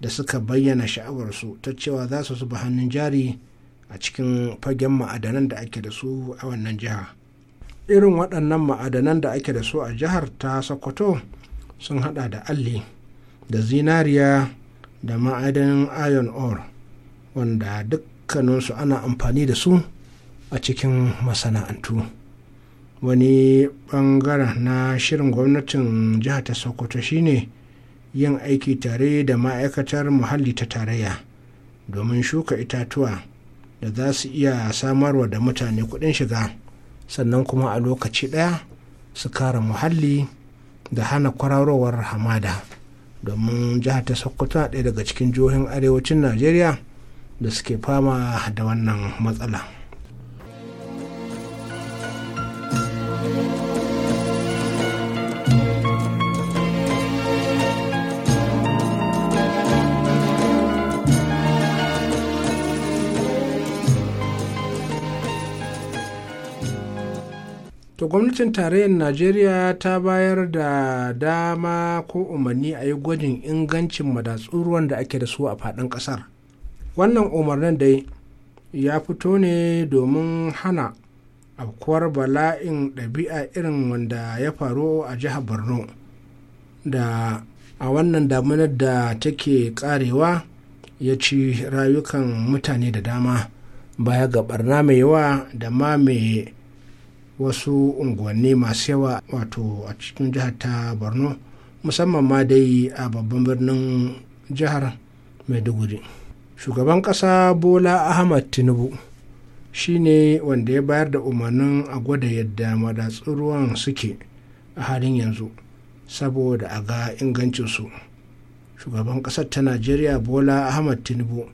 da suka bayyana sha'awarsu ta cewa za su zuba hannun jari a cikin fagen ma'adanan da ake da su a wannan jiha irin waɗannan ma'adanan da ake da su a jihar ta sokoto sun hada da alli da zinariya da ma'adanin iron ore wanda dukkaninsu ana amfani da su a cikin masana'antu wani bangaren na shirin gwamnatin jihar ta sokoto shine yin aiki tare da ma'aikatar muhalli ta tarayya domin shuka itatuwa da za su iya samarwa da mutane kudin shiga sannan kuma a lokaci ɗaya su kara muhalli da hana kwararowar hamada. domin jihar ta sokoto ɗaya daga cikin jihohin arewacin najeriya da suke fama da wannan matsala. to gwamnatin tarayyar najeriya ta bayar da dama ko umarni a yi gwajin ingancin madatsun ruwan da ake da su a faɗin ƙasar wannan umarnin dai ya fito ne domin hana afkuwar bala'in ɗabi'a irin wanda ya faru a jihar borno da a wannan damunar da take karewa ya ci rayukan mutane da dama baya ga barna mai yawa da ma mai wasu unguwanni masu yawa wato a cikin jihar ta borno musamman ma dai a babban birnin jihar maiduguri shugaban kasa bola ahmad tinubu shine wanda ya bayar da umarnin a gwada yadda madatsun ruwan suke a halin yanzu saboda a ga ingancinsu shugaban kasar ta najeriya bola ahmad tinubu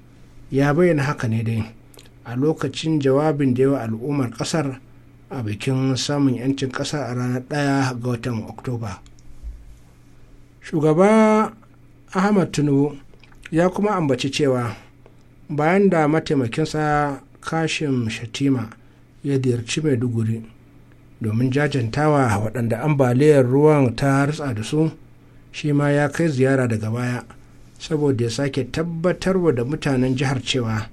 ya bayyana haka ne dai a lokacin jawabin da yawa al'ummar kasar. a bikin samun 'yancin ƙasa a ranar ɗaya ga watan oktoba shugaba ahmad tinubu ya kuma ambaci cewa bayan da mataimakinsa kashim shatima ya ziyarci maiduguri domin jajantawa waɗanda ambaliyar ruwan ta harsa da su shi ma ya kai ziyara daga baya saboda ya sake tabbatarwa da mutanen jihar cewa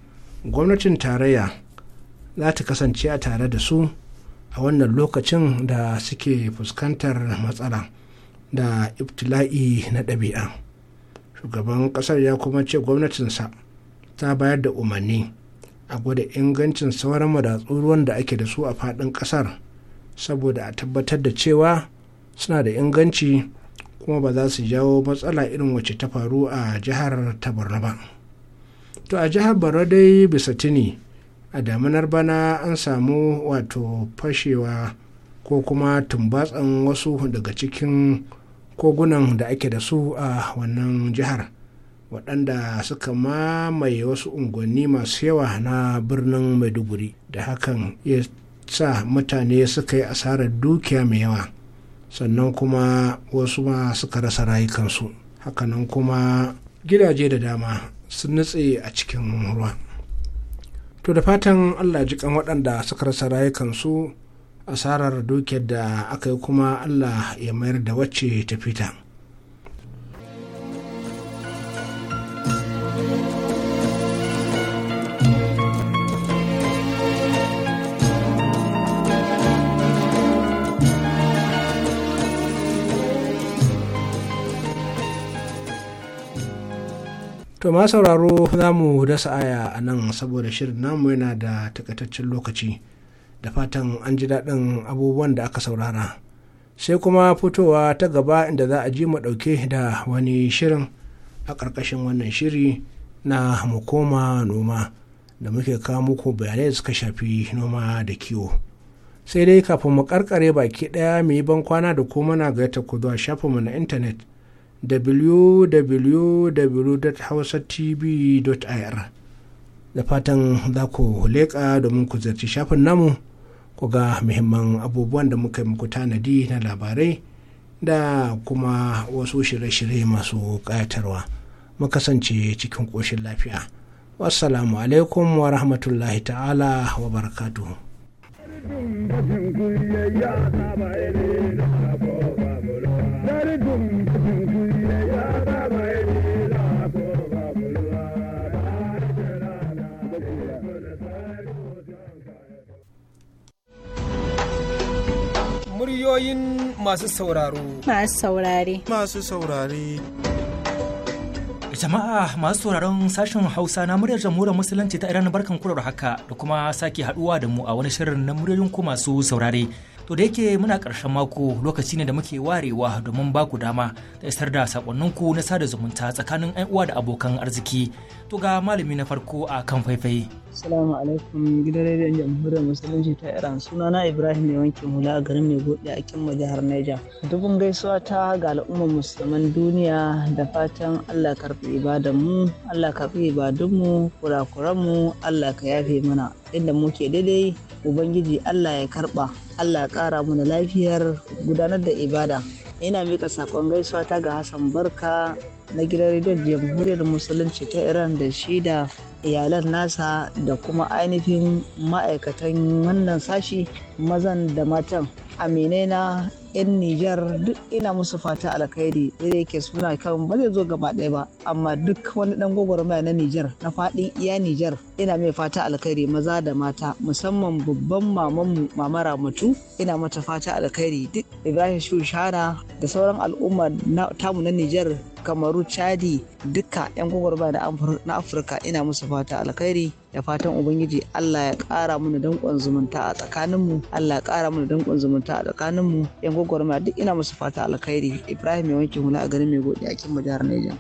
gwamnatin tarayya za ta kasance a tare da su a wannan lokacin da suke fuskantar matsala da ibtila'i na ɗabi'a shugaban ƙasar ya kuma ce gwamnatinsa ta bayar da umarni a gwada ingancin sauran madatsun ruwan da ake da su a faɗin ƙasar saboda a tabbatar da cewa suna da inganci kuma ba za su jawo matsala irin wacce ta faru a jihar ta ba to a jihar borno dai bisa tuni a damunar bana an samu wato fashewa ko kuma tumbatsan wasu daga cikin kogunan da ake da su a wannan jihar waɗanda suka mamaye wasu unguwanni masu yawa na birnin maiduguri da hakan ya sa mutane suka yi asarar dukiya mai yawa sannan kuma wasu ma suka rasa rayukansu hakanan kuma gidaje da dama sun nutse a cikin ruwa to da fatan allah ji kan waɗanda suka rasa rayukansu asarar dukiyar da aka yi kuma allah ya mayar da wacce ta fita to ma sauraro za mu dasa aya a nan saboda shirin namu yana da takaitaccen lokaci da fatan an ji daɗin abubuwan da aka saurara sai kuma fitowa ta gaba inda za a ji mu ɗauke da wani shirin a ƙarƙashin wannan shiri na mu koma noma da muke kawo muku bayanai da suka shafi noma da kiwo sai dai kafin mu karkare baki ɗaya mu yi ban kwana da ko mana gayyata ku zuwa shafinmu na intanet www.hausatv.ir da fatan za ku leƙa domin ku zarci shafin namu ku ga muhimman abubuwan da muka yi muku tanadi na labarai da kuma wasu shirye-shirye masu ƙayatarwa mu kasance cikin ƙoshin lafiya wassalamu alaikum wa rahmatullahi ta'ala wa barakatuhu. Muryoyin masu sauraro. Masu saurare. Masu saurare. Jama'a masu sauraron sashen Hausa na muryar jamhuriyar Musulunci ta Iran barkan kurar haka da kuma sake haduwa da mu a wani shirin na muryoyin ku masu saurare. To da yake muna ƙarshen mako lokaci ne da muke warewa domin ba ku dama da isar da sakonninku na sada zumunta tsakanin 'yan uwa da abokan arziki. To ga malami na farko a kan faifai. Assalamu alaikum gidan rediyon jamhuriyar musulunci ta Iran sunana Ibrahim ne wankin hula a garin mai gode a kin jihar neja. Dubun gaisuwa ta ga al'ummar musulman duniya da fatan Allah karɓi ibadanmu, Allah karɓi ibadunmu, kurakuranmu, Allah ka yafe mana. inda muke daidai ubangiji allah ya karba allah ya kara mana lafiyar gudanar da ibada ina mika sakon gaisuwa ta ga hassan barka na gidan rediyon jamhuriyar musulunci ta iran da shida iyalan nasa da kuma ainihin ma'aikatan wannan sashi mazan da matan aminai na 'yan Nijar duk ina musu fata alkhairi da yake suna kan ba zai zo gaba ɗaya ba amma duk wani dan gwagwarmaya na Nijar na faɗi iya Nijar ina mai fata alkhairi maza da mata musamman babban mamanmu mama Ramatu ina mata fata alkhairi duk Ibrahim Shushana da sauran al'umma tamu na Nijar kamaru chadi duka 'yan gwagwarba na afirka ina musu fata alkhairi da fatan ubangiji allah ya kara mana danƙon zumunta a tsakaninmu allah ya kara mana danƙon zumunta a tsakaninmu yan gwagwarma duk ina musu fata alkhairi ibrahim ya wanke hula a garin mai godiya kin jihar niger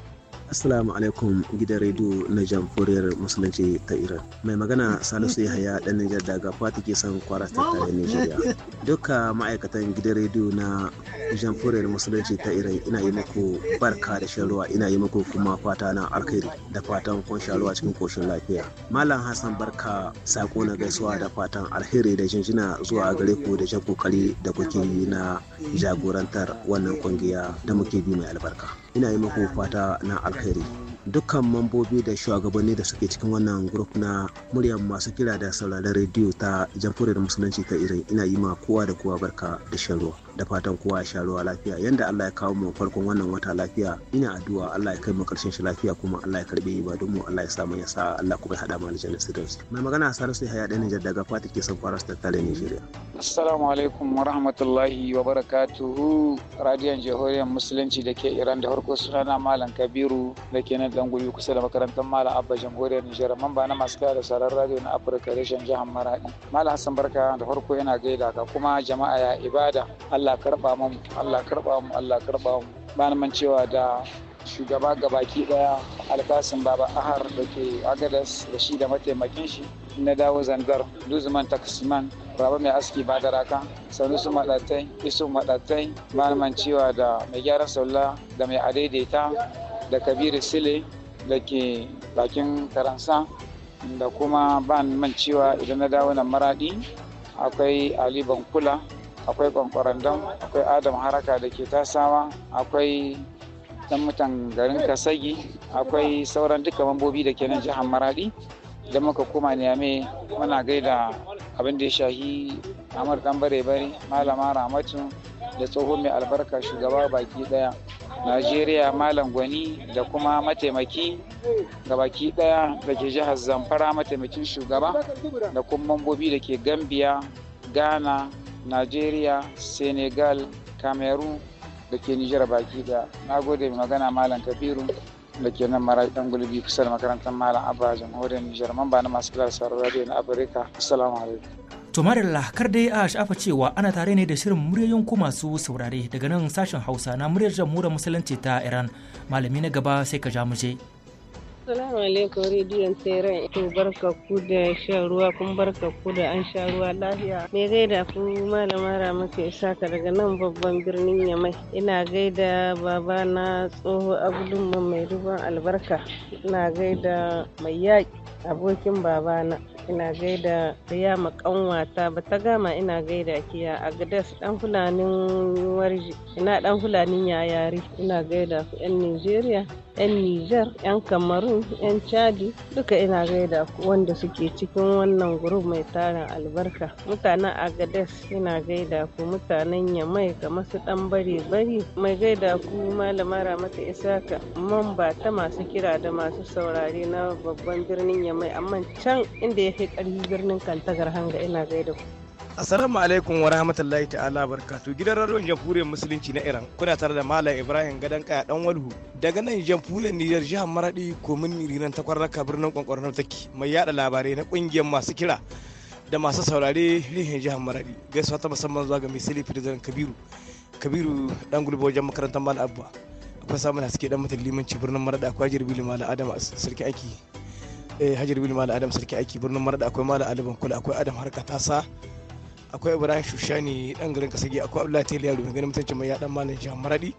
Assalamu alaikum gidan rediyo na jamhuriyar musulunci ta Iran. Mai magana Salisu Yahaya dan Nijar daga Fati ke son kwara ta tare Nijeriya. Duka ma'aikatan gidan rediyo na jamhuriyar musulunci ta Iran ina yi muku barka da shan ruwa ina yi muku kuma fata na alkhairi da fatan kun sha ruwa cikin koshin lafiya. Malam Hassan barka sako na gaisuwa da fatan alheri da jinjina zuwa gare ku da jan kokari da kuke yi na jagorantar wannan kungiya da muke bi mai albarka. ina yi muku fata na alheri dukkan mambobi da shugabanni da suke cikin wannan grup na muryar masu kira da sauraron rediyo ta jamhuriyar musulunci ta irin ina yi ma kowa da kowa barka da shan ruwa da fatan kowa ya sha ruwa lafiya yanda Allah ya kawo mu farkon wannan wata lafiya ina addu'a Allah ya kai mu karshen shi lafiya kuma Allah ya karbe ibadun mu Allah ya sa mu ya sa Allah kuma ya hada mu aljanna sirrinsa mai magana a Salisu haya da Nijar daga Fatik ke san kwaras da tare Nijeriya Assalamu alaikum wa rahmatullahi wa barakatuhu radiyon Jihohiyar musulunci da ke Iran da suna sunana Malam Kabiru da ke nan dan guri kusa da makarantar Malam Abba Jamhuriyar Nijar mamba na masu kare sarar radiyo na Afirka reshen jihar Maradi Malam Hassan Barka da farko yana gaida ka kuma jama'a ya ibada Allah karba mu Allah karba mu Allah karba mu bani man cewa da shugaba gabaki daya alkasin baba ahar da ke agadas da shi da mataimakin shi na dawo zangar luzman takasiman raba mai aski ba da raka su maɗatai isu maɗatai malaman cewa da mai gyaran saula da mai adaidaita da kabiru sile da ke bakin karansa da kuma ban man cewa idan na dawo nan maraɗi akwai ali bankula akwai kwankwarandam akwai adam haraka da ke tasawa akwai dan mutan garin kasagi akwai sauran duka mambobi da ke nan jihar maradi da muka koma niyame muna gaida abin da ya shahi amur dan bare bare malama ramatu da tsoho mai albarka shugaba baki daya najeriya malam gwani da kuma mataimaki ga baki daya da ke jihar zamfara mataimakin shugaba da kuma mambobi da ke gambiya ghana Najeriya, Senegal, Cameroon da ke Nijar baki da na gode mai magana Malam Kabiru da ke nan mara dan gulbi kusa da makarantar Malam Abba jamhuriyar Nijar ba na masu kula da sauran radio na Afirka. Assalamu alaikum. To Marilla, kar dai a shafa cewa ana tare ne da shirin muryoyin ku masu saurare daga nan sashen Hausa na muryar jamhuriyar musulunci ta Iran. Malami na gaba sai ka ja mu je. Salamu alaikum rediyon tseren to barka ku da shan ruwa kun barka ku da an sha ruwa lafiya. Me gaida ku malama Ramatu saka daga nan babban birnin Yamai. Ina gaida baba na tsoho Abdul mai ruwan albarka. Ina gaida mai yaƙi abokin babana. Ina gaida ya makanwata ba ta gama ina gaida kiya a gadas dan fulanin warji ina dan fulanin yayari ina gaida ku yan Nigeria 'yan Nijar, 'yan Cameroon, 'yan Chadi duka ina gaida ku. wanda suke cikin wannan gurin mai tarin albarka. Mutanen Agades ina gaida ku mutanen Yamai kamar su ɗan bare bari mai gaida ku malama Ramata Isaka mamba ta masu kira da masu saurare na babban birnin Yamai amma can inda ya fi ƙarfi birnin Kantagar hanga ina gaida ku. Assalamu alaikum wa rahmatullahi ta'ala barkatu gidan radiyon jamhuriyar musulunci na Iran kuna tare da Malam Ibrahim Gadan Kaya dan Walhu daga nan jamhuriyar Nijar jihar Maradi komin Rinan ka birnin Kwankwarnar take mai yada labarai na kungiyar masu kira da masu saurare rihin jihar Maradi gaisuwa ta musamman zuwa ga mai sili Kabiru Kabiru dan gulbo wajen makarantar Malam Abba akwai samun haske dan mutum limanci birnin Maradi akwai jirbi Malam Adam sarki aiki eh Hajar Malam Adam sarki aiki birnin Maradi akwai Malam Aliban kula akwai Adam harka tasa akwai ibrahim shushani dan garin kasage akwai abdullahi tele yaro mai ganin mutuncin mai yadan malam jihar maradi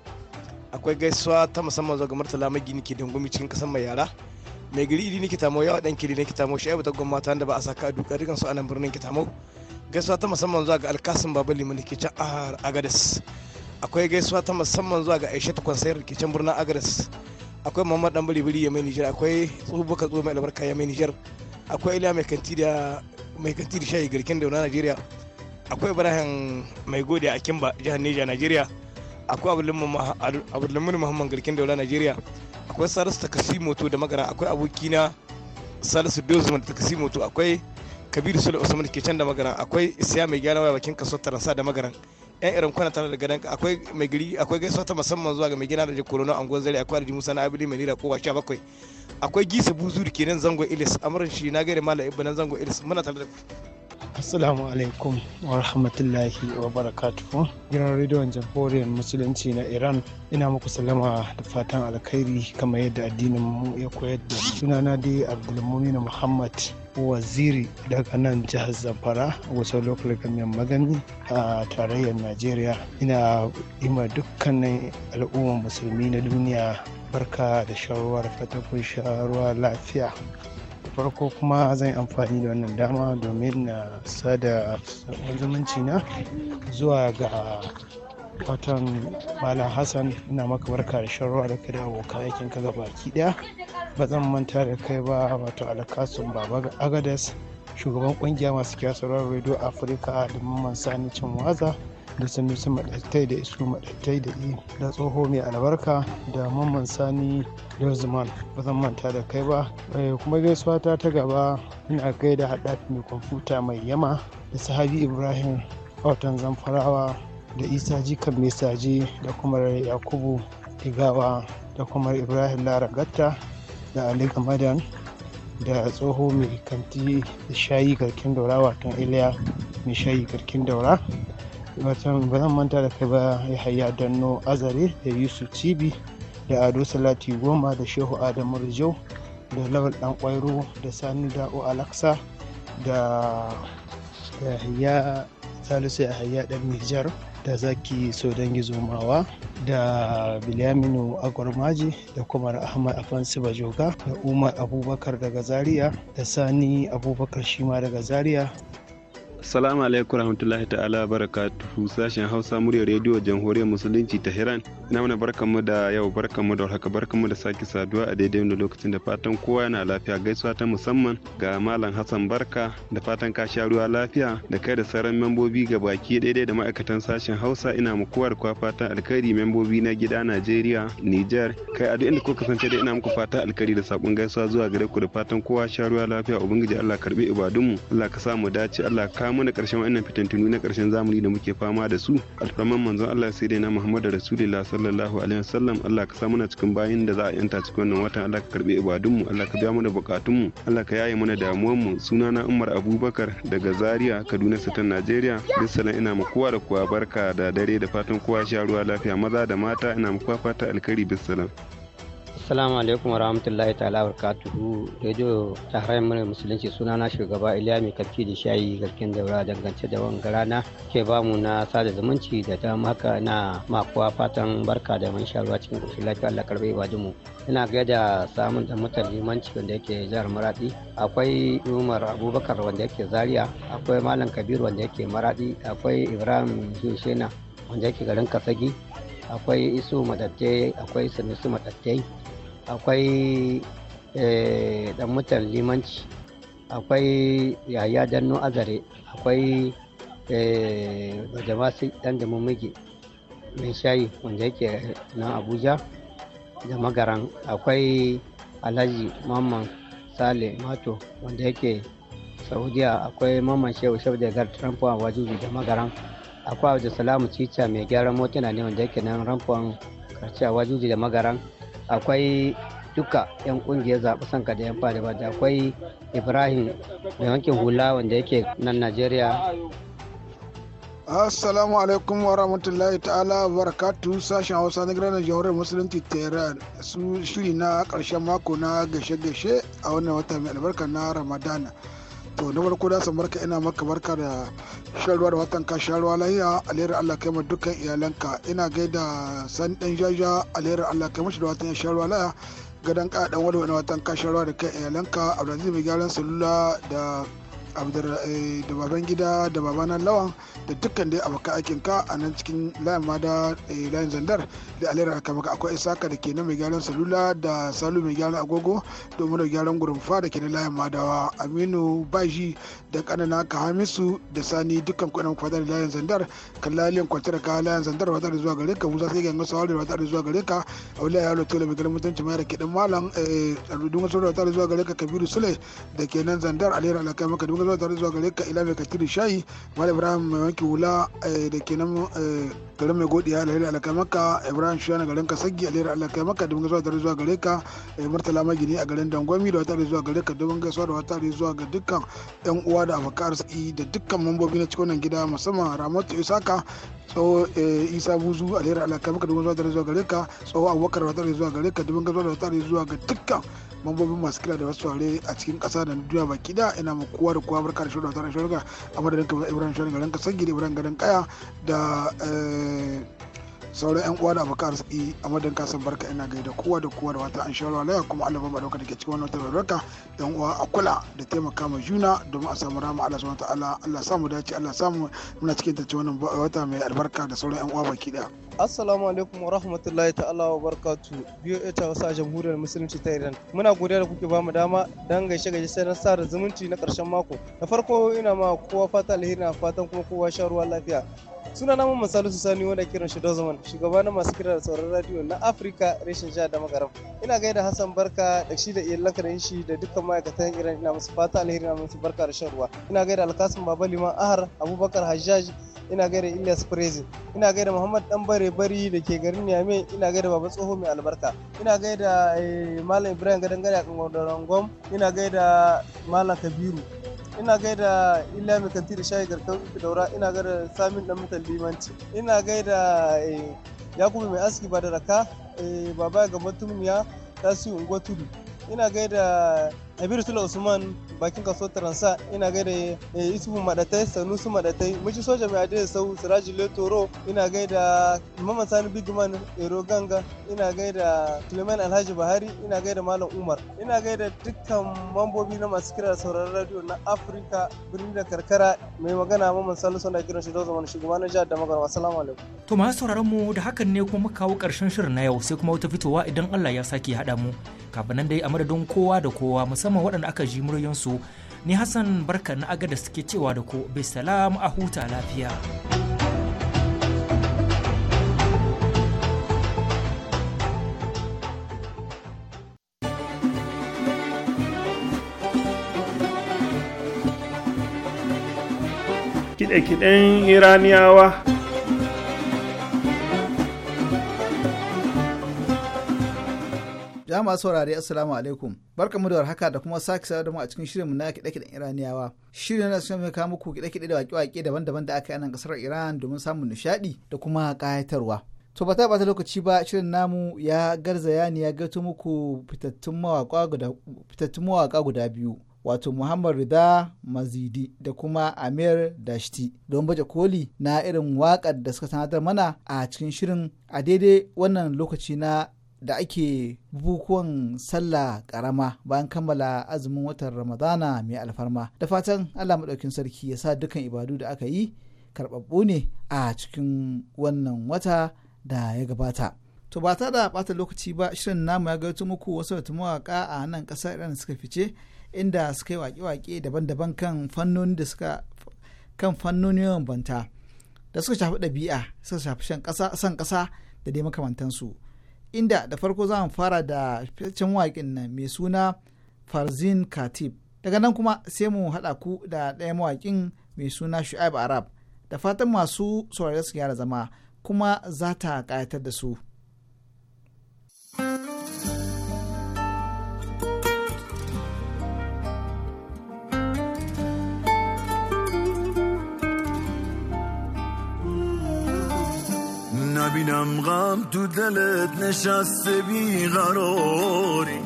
akwai gaisuwa ta musamman zuwa ga martala magini ke dangumi cikin kasan mai yara mai gari idi nake tamo yawa dan kiri nake tamo shaibu ta ta da ba a saka duka dukan su anan birnin kitamo gaisuwa ta musamman zuwa ga alkasim baba liman ke can agadas akwai gaisuwa ta musamman zuwa ga aishatu kwansayar ke can birnin agadas akwai muhammad dan Bali ya mai nijar akwai tsubuka tsubu mai albarka ya mai nijar akwai iliya mai kanti da mai kanti da shayi garkin dauna najeriya akwai ibrahim mai gode a kimba jihar neja nigeria akwai abdulmumin muhammad garkin daula nigeria akwai salisu takasi moto da magana akwai abokina salisu dozman da takasi moto akwai kabiru sule usman ke can da magana akwai isya mai gyara waya bakin kaso taransa da magana yan irin kwana tare da gadan akwai mai giri akwai gaisuwa ta musamman zuwa ga mai gina da jikoro na angon zare akwai da musa na abili mai nira kowa bakwai akwai gisa buzuri kenan zango ilis amuran shi na gari malam ibn zango ilis muna tare da Assalamu alaikum wa rahmatullahi wa barakatuhu. Gidan rediyon jamhuriyar musulunci na Iran ina muku salama da fatan alkhairi kamar yadda addinin mu ya koyar da sunana dai Abdulmumin Muhammad waziri daga nan jihar zamfara wasu local government magani a tarayyar najeriya ina ima dukkanin al'ummar musulmi na duniya barka da shawarwar fata kun sha ruwa lafiya farko kuma zan yi amfani da wannan dama domin na sada zumunci na zuwa ga watan malam hassan ina maka barka da shawarwar da kada abokan aikin ka gaba ki daya ba zan manta da kai ba wato alakasun baba agadas shugaban kungiya masu kyasarwar radio afirka da mamman sani cin waza da sanusi maɗaitai da isu maɗaitai da yi da tsoho mai albarka da mamman sani lozman ba zan manta da kai ba eh, kuma gaisuwa ta ta gaba ina gaida haɗafi mai kwamfuta mai yama da sahabi ibrahim autan zamfarawa da isa jikan mesaji da kuma yakubu igawa da kuma ibrahim laragatta da ali gamadan da tsoho mai kanti da shayi garkin daura watan iliya mai shayi garkin daura watan ba manta da kai ba ya hayya danno azare da yusuf cibi da ado salati goma da shehu adamu rijau da lawal dan kwairo da sani da'o alaksa da yahaya salisu yahaya dan nijar da zaki don Gizomawa da bilyaminu agwarmaji da kumar ahmad afansu bajoga da umar abubakar daga zaria da sani abubakar shima daga zaria Salamu alaikum rahmatullahi ta'ala barakatuhu sashen Hausa muryar rediyo jamhuriyar musulunci ta hiran. Ina mana mu da yau mu da haka mu da sake saduwa a daidai wani lokacin da fatan kowa yana lafiya gaisuwa ta musamman ga Malam Hassan Barka da fatan ka sha ruwa lafiya da kai da sauran membobi ga baki daidai da ma'aikatan sashen Hausa ina muku kwa fatan alkhairi membobi na gida Najeriya, Niger, kai a duk inda kuka kasance dai ina muku fatan alkhairi da sakon gaisuwa zuwa gare ku da fatan kowa sha ruwa lafiya ubangiji Allah karbi ibadunmu Allah ka sa mu dace Allah ka mana karshen wa'annan fitantunu na karshen zamani da muke fama da su alfarman manzon Allah sai dai na Muhammadu Rasulullah sallallahu alaihi wasallam Allah ka sa mana cikin bayin da za a yanta cikin wannan watan Allah ka karbe ibadunmu Allah ka biya mana bukatunmu Allah ka yaye mana damuwanmu sunana Umar Abubakar daga Zaria Kaduna Sitan Najeriya bissalan ina ma kowa da kowa barka da dare da fatan kowa sha ruwa lafiya maza da mata ina ma kowa fata alkhairi bissalan Assalamu alaikum wa rahmatullahi ta'ala wa barakatuhu. Radio Tahrayin Muryar Musulunci sunana shugaba Iliya mai kafci da shayi garken daura dangance da wangarana ke bamu na sada zumunci da ta haka na makuwa fatan barka da man sharuwa cikin kusur lafiya Allah karbe ibadun mu. Ina gaida samun da mutar limanci wanda yake jihar Maradi. Akwai Umar Abubakar wanda yake Zaria. Akwai Malam Kabir wanda yake Maradi. Akwai Ibrahim Yushena wanda yake garin Kasagi. akwai isu madatte akwai sanusu madatte akwai dan eh, mutan limanci akwai yaya danno azare akwai eh, masu dan da mummige mai shayi wanda yake nan abuja da magaran akwai alhaji mamman sale mato wanda yake saudiya akwai mamman shehu shehu da gar a wajibi da magaran akwai abu da salamu cica mai gyaran motuna ne wanda yake nan karci a wajibi da magaran akwai duka 'yan kungiyar zaɓi sanka da 'yan ba da akwai ibrahim mai wankin hula wanda yake nan najeriya assalamu alaikum wa rahmatullahi ta'ala barakatu sashen hausa na gidan jamhuriyar musulunci tehran su shiri na karshen mako na gashe-gashe a wannan wata mai albarka na ramadana to na farko da san barka ina maka barka da sharuwa da watan ka sharuwa lahiya alherin Allah kai ma dukkan iyalanka ina gaida san dan jaja alherin Allah kai mashi da watan shan ruwa lahiya gadan ka dan wani watan ka sharuwa da kai iyalanka Abdulaziz mai gyaran salula da Eh, da baban gida da babana lawan da dukkan dai abokan aikin ka a nan cikin layin ma da eh, layin zandar da alera maka akwai isaka da ke na mai gyaran salula da salu mai gyaran agogo domin da gyaran gurumfa da ke na layin madawa aminu baji da kanana ka hamisu da sani dukkan kuɗin da layin zandar kallalin kwantar ka layin zandar wata da zuwa gare ka musa sai gangan sawari wata da zuwa gare ka ya lo tole mai garin mutunci mai da dan malam a rudun wasu wata da zuwa gare ka kabiru sule da ke nan zandar alera kai maka duk zuwa tare zuwa gare ka ila mai katiri shayi malam ibrahim mai wanki wula eh, da ke nan garin eh, mai godiya alheri alakai maka ibrahim shiyana garin kasagi saggi alheri alakai maka domin gaisuwa tare zuwa gare ka eh, martala magini a garin dangwami da wata zuwa gare ka domin gaisuwa da wata zuwa ga dukkan yan uwa da abokan arziki da dukkan mambobi na cikin gida musamman ramatu isaka tsawo isa buzu alheri alakai maka domin gaisuwa tare zuwa gare ka tsawo abubakar wata zuwa gare ka domin gaisuwa da wata zuwa ga dukkan mambobin masu kira da wasu ware a cikin ƙasa da duniya baki da ina ma kowa da kowa kuma barka da shirya tare shirya a madadin kamar ibrahim shirya garin kasar gidi ibrahim garin kaya da eh, sauran yan uwa da abokan arziki a madan kasan barka ina gaida kowa da kowa da wata an shawara laya kuma Allah ba da ke cikin wannan tarurruka yan uwa a kula da taimaka ma juna domin a samu rama Allah subhanahu ta'ala Allah sa mu dace Allah sa muna cikin tace wannan wata mai albarka da sauran yan uwa baki daya Assalamu alaikum wa rahmatullahi ta'ala wa barakatu biyo ita wasa jamhuriyar musulunci ta Iran muna godiya da kuke bamu dama dan gaishe gaishe sai na sa da zumunci na karshen mako na farko ina ma kowa fata alheri na fatan kuma kowa sha ruwa lafiya suna namun misali su sani wanda kiran shi dozaman shugaba na masu kira da sauran radio na afirka reshen jihar da magaram ina gaida hassan barka da shi da iyalanka da shi da dukkan ma'aikatan iran ina musu fata alheri na musu barka da shan ruwa ina gaida alkasim baba liman ahar abubakar hajjaj ina gaida Ilyas Prezi ina gaida Muhammad Dan Bare Bari da ke garin Niamey ina gaida Baba Tsoho mai albarka ina gaida eh, Malam Ibrahim Gadan a kan Gwam ina gaida Malam Kabiru ina gaida illa mai kanti da shayi garkan daura ina gaida samin dan mutan limanci ina gaida eh, yakubu mai aski ba da raka eh, baba ga mutumiya tasiri unguwa tudu ina gaida abiru Sula Usman bakin kaso Taransa ina gaida Isufu eh, Madatai Sanusi Madatai muci Soja Mai Adai Sau Siraji Letoro ina gaida mamman Sani Bigman Ero Ganga ina gaida Suleiman Alhaji Bahari ina gaida Malam Umar ina gaida dukkan mambobi na masu kira sauraron radio na Afirka birni da karkara mai magana mamman Salisu suna kiran shi zama zaman shugaba na jihar da assalamu alaikum. To masu sauraron mu da hakan ne kuma muka kawo karshen shirin na yau sai kuma wata fitowa idan Allah ya sake haɗa mu kafin nan dai a madadin kowa da kowa musamman musamman waɗanda aka ji muryansu ni hassan barka na agada suke cewa da ku bai bisalam a huta lafiya. kiɗe-kiɗen iraniyawa Ya masu saurare Assalamu alaikum. barka mu da warhaka da kuma sake sa da mu a cikin shirinmu na kiɗe-kiɗen Iraniyawa. Shirin na sun kawo muku kiɗe-kiɗe da waƙe-waƙe daban-daban da aka yi a nan ƙasar Iran domin samun nishaɗi da kuma ƙayatarwa. To ba ta lokaci ba shirin namu ya garzaya ne ya gato muku fitattun mawaƙa guda biyu. Wato Muhammad Rida Mazidi da kuma Amir Dashti don baje koli na irin wakar da suka sanatar mana a cikin shirin a daidai wannan lokaci na da ake bukukuwan sallah karama bayan kammala azumin watan ramadana mai alfarma da fatan allah maɗaukin sarki ya sa dukkan ibadu da aka yi karɓaɓɓu ne a cikin wannan wata da ya gabata to ba ta da bata lokaci ba shirin namu ya gaito muku wasu da mawaƙa a nan ƙasar iran suka fice inda suka yi waƙe-waƙe daban-daban kan fannoni da suka kan fannonin banta da suka shafi ɗabi'a suka shafi shan ƙasa ƙasa da dai makamantansu inda da farko za mu fara da fitaccen waƙin nan mai suna farzin katib daga nan kuma sai mu haɗa ku da ɗaya mawaƙin mai suna shu'aib arab da fatan masu saurare su gyara zama kuma za ta ƙayatar da su. بینم غم تو دلت نشسته بیقراری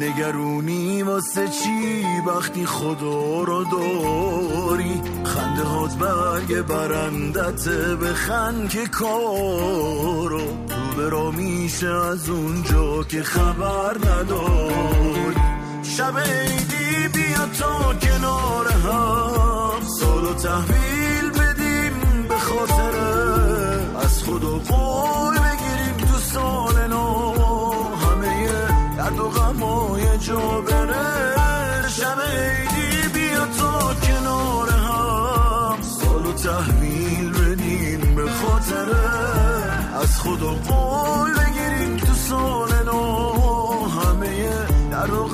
نگرونی واسه چی وقتی خدا رو داری خنده هات برگ برندت بخند که کارو برا میشه از اونجا که خبر نداری شب عیدی بیا تا کنار هم و تحویل بدیم به خاطره خدا قول بگیریم تو سال نو همه درد و غمای جا بره شب عیدی بیا تا کنار هم سالو تحمیل بدیم به خاطره از خدا قول بگیریم تو سال نو همه درد و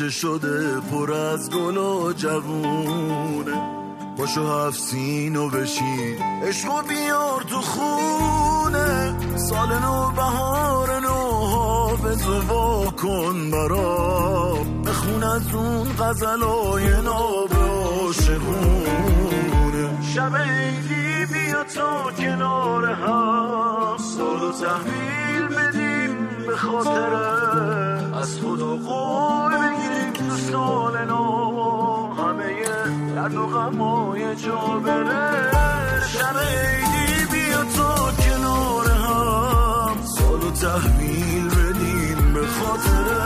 کوچه شده پر از گل و جوونه باشو هفت سینو بشین و بیار تو خونه سال نو بهار نو حافظ و کن برا بخون از اون غزلای ناب عاشقونه شب عیدی بیا تا کنار هم سال و به خاطر از و قول بگیریم سال نام همه درد و غمای جا بره شب ایدی بیا تا کنار هم و تحمیل بدیم به خاطره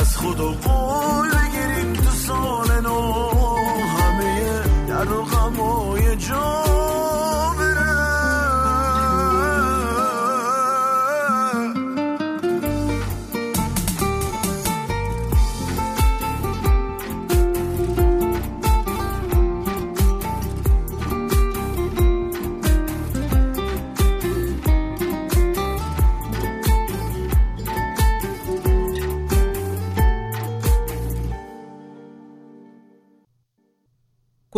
از و قول بگیریم سال نام همه درد و غمای جا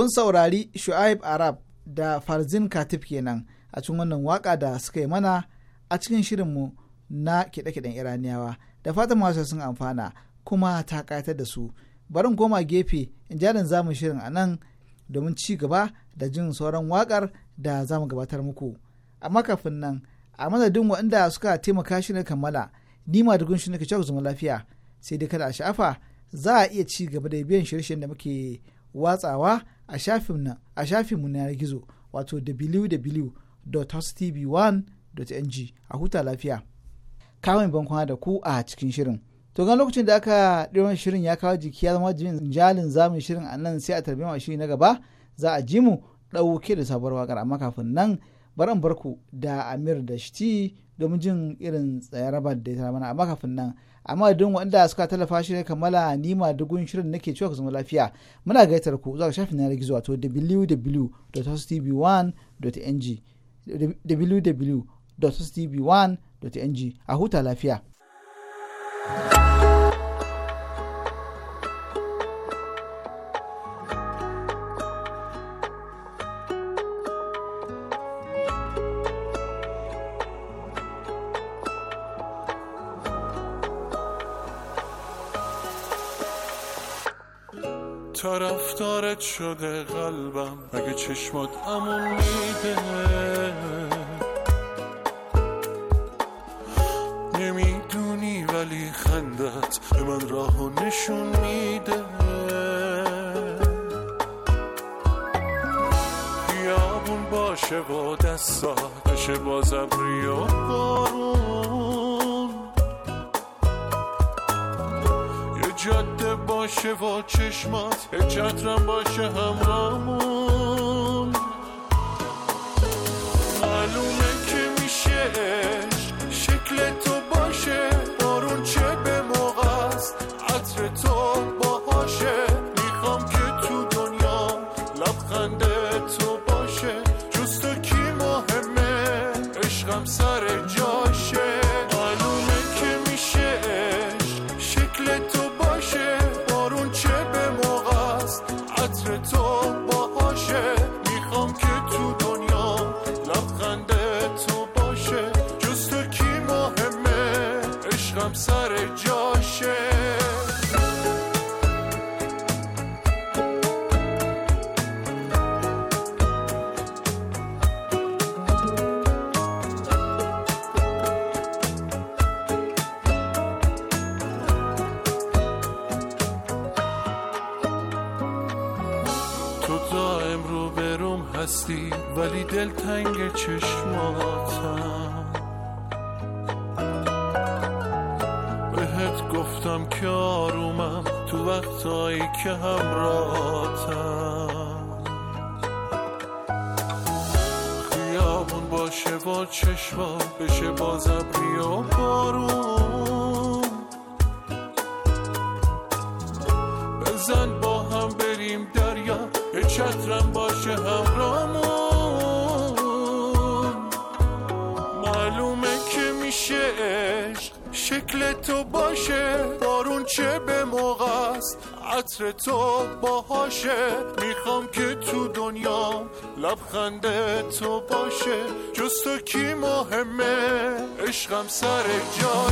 kun saurari shu'aib arab da farzin katif kenan a cikin wannan waka da suka yi mana a cikin shirinmu na kiɗe-kiɗen iraniyawa da fatan masu sun amfana kuma ta ƙayatar da su barin koma gefe in jarin zamun shirin a nan domin ci gaba da jin sauran wakar da za mu gabatar muku amma kafin nan a madadin waɗanda suka taimaka shi ne kammala ni ma da gunshi nake cewa zama lafiya sai dai kada a sha'afa za a iya ci gaba da biyan shirye da muke watsawa a shafin mu na gizo wato www.hostv1.ng a huta lafiya. Kawai bankon da ku a cikin shirin. To gan lokacin da aka ɗiron shirin ya kawo jiki ya zama jin jalin zamun shirin a nan sai a tarbiyyar shiri na gaba za a ji mu ɗauke da sabuwar wakar amma kafin nan baran barku da Amir da Shiti domin jin irin tsayarabar da ya mana amma kafin nan amma duk wanda suka tallafa shi ne kammala nima dugun shirin nake cewa ku zama lafiya muna gaitar ku zuwa shafin yanar gizo wato www.hostv1.ng www.hostv1.ng a huta lafiya. thank you شده قلبم اگه چشمات امون میده نمیدونی ولی خندت به من راهو نشون میده خیابون باشه با دستا بشه با زبری جاده باشه و چشمات چترم باشه همرامون معلومه که میشه شکل تو باشه بارون چه به موقع عطر تو باشه میخوام که تو دنیا لبخند تو باشه جز کی مهمه عشقم سر جا باشه میخوام که تو دنیا لبخند تو باشه جز کی مهمه عشقم سر جای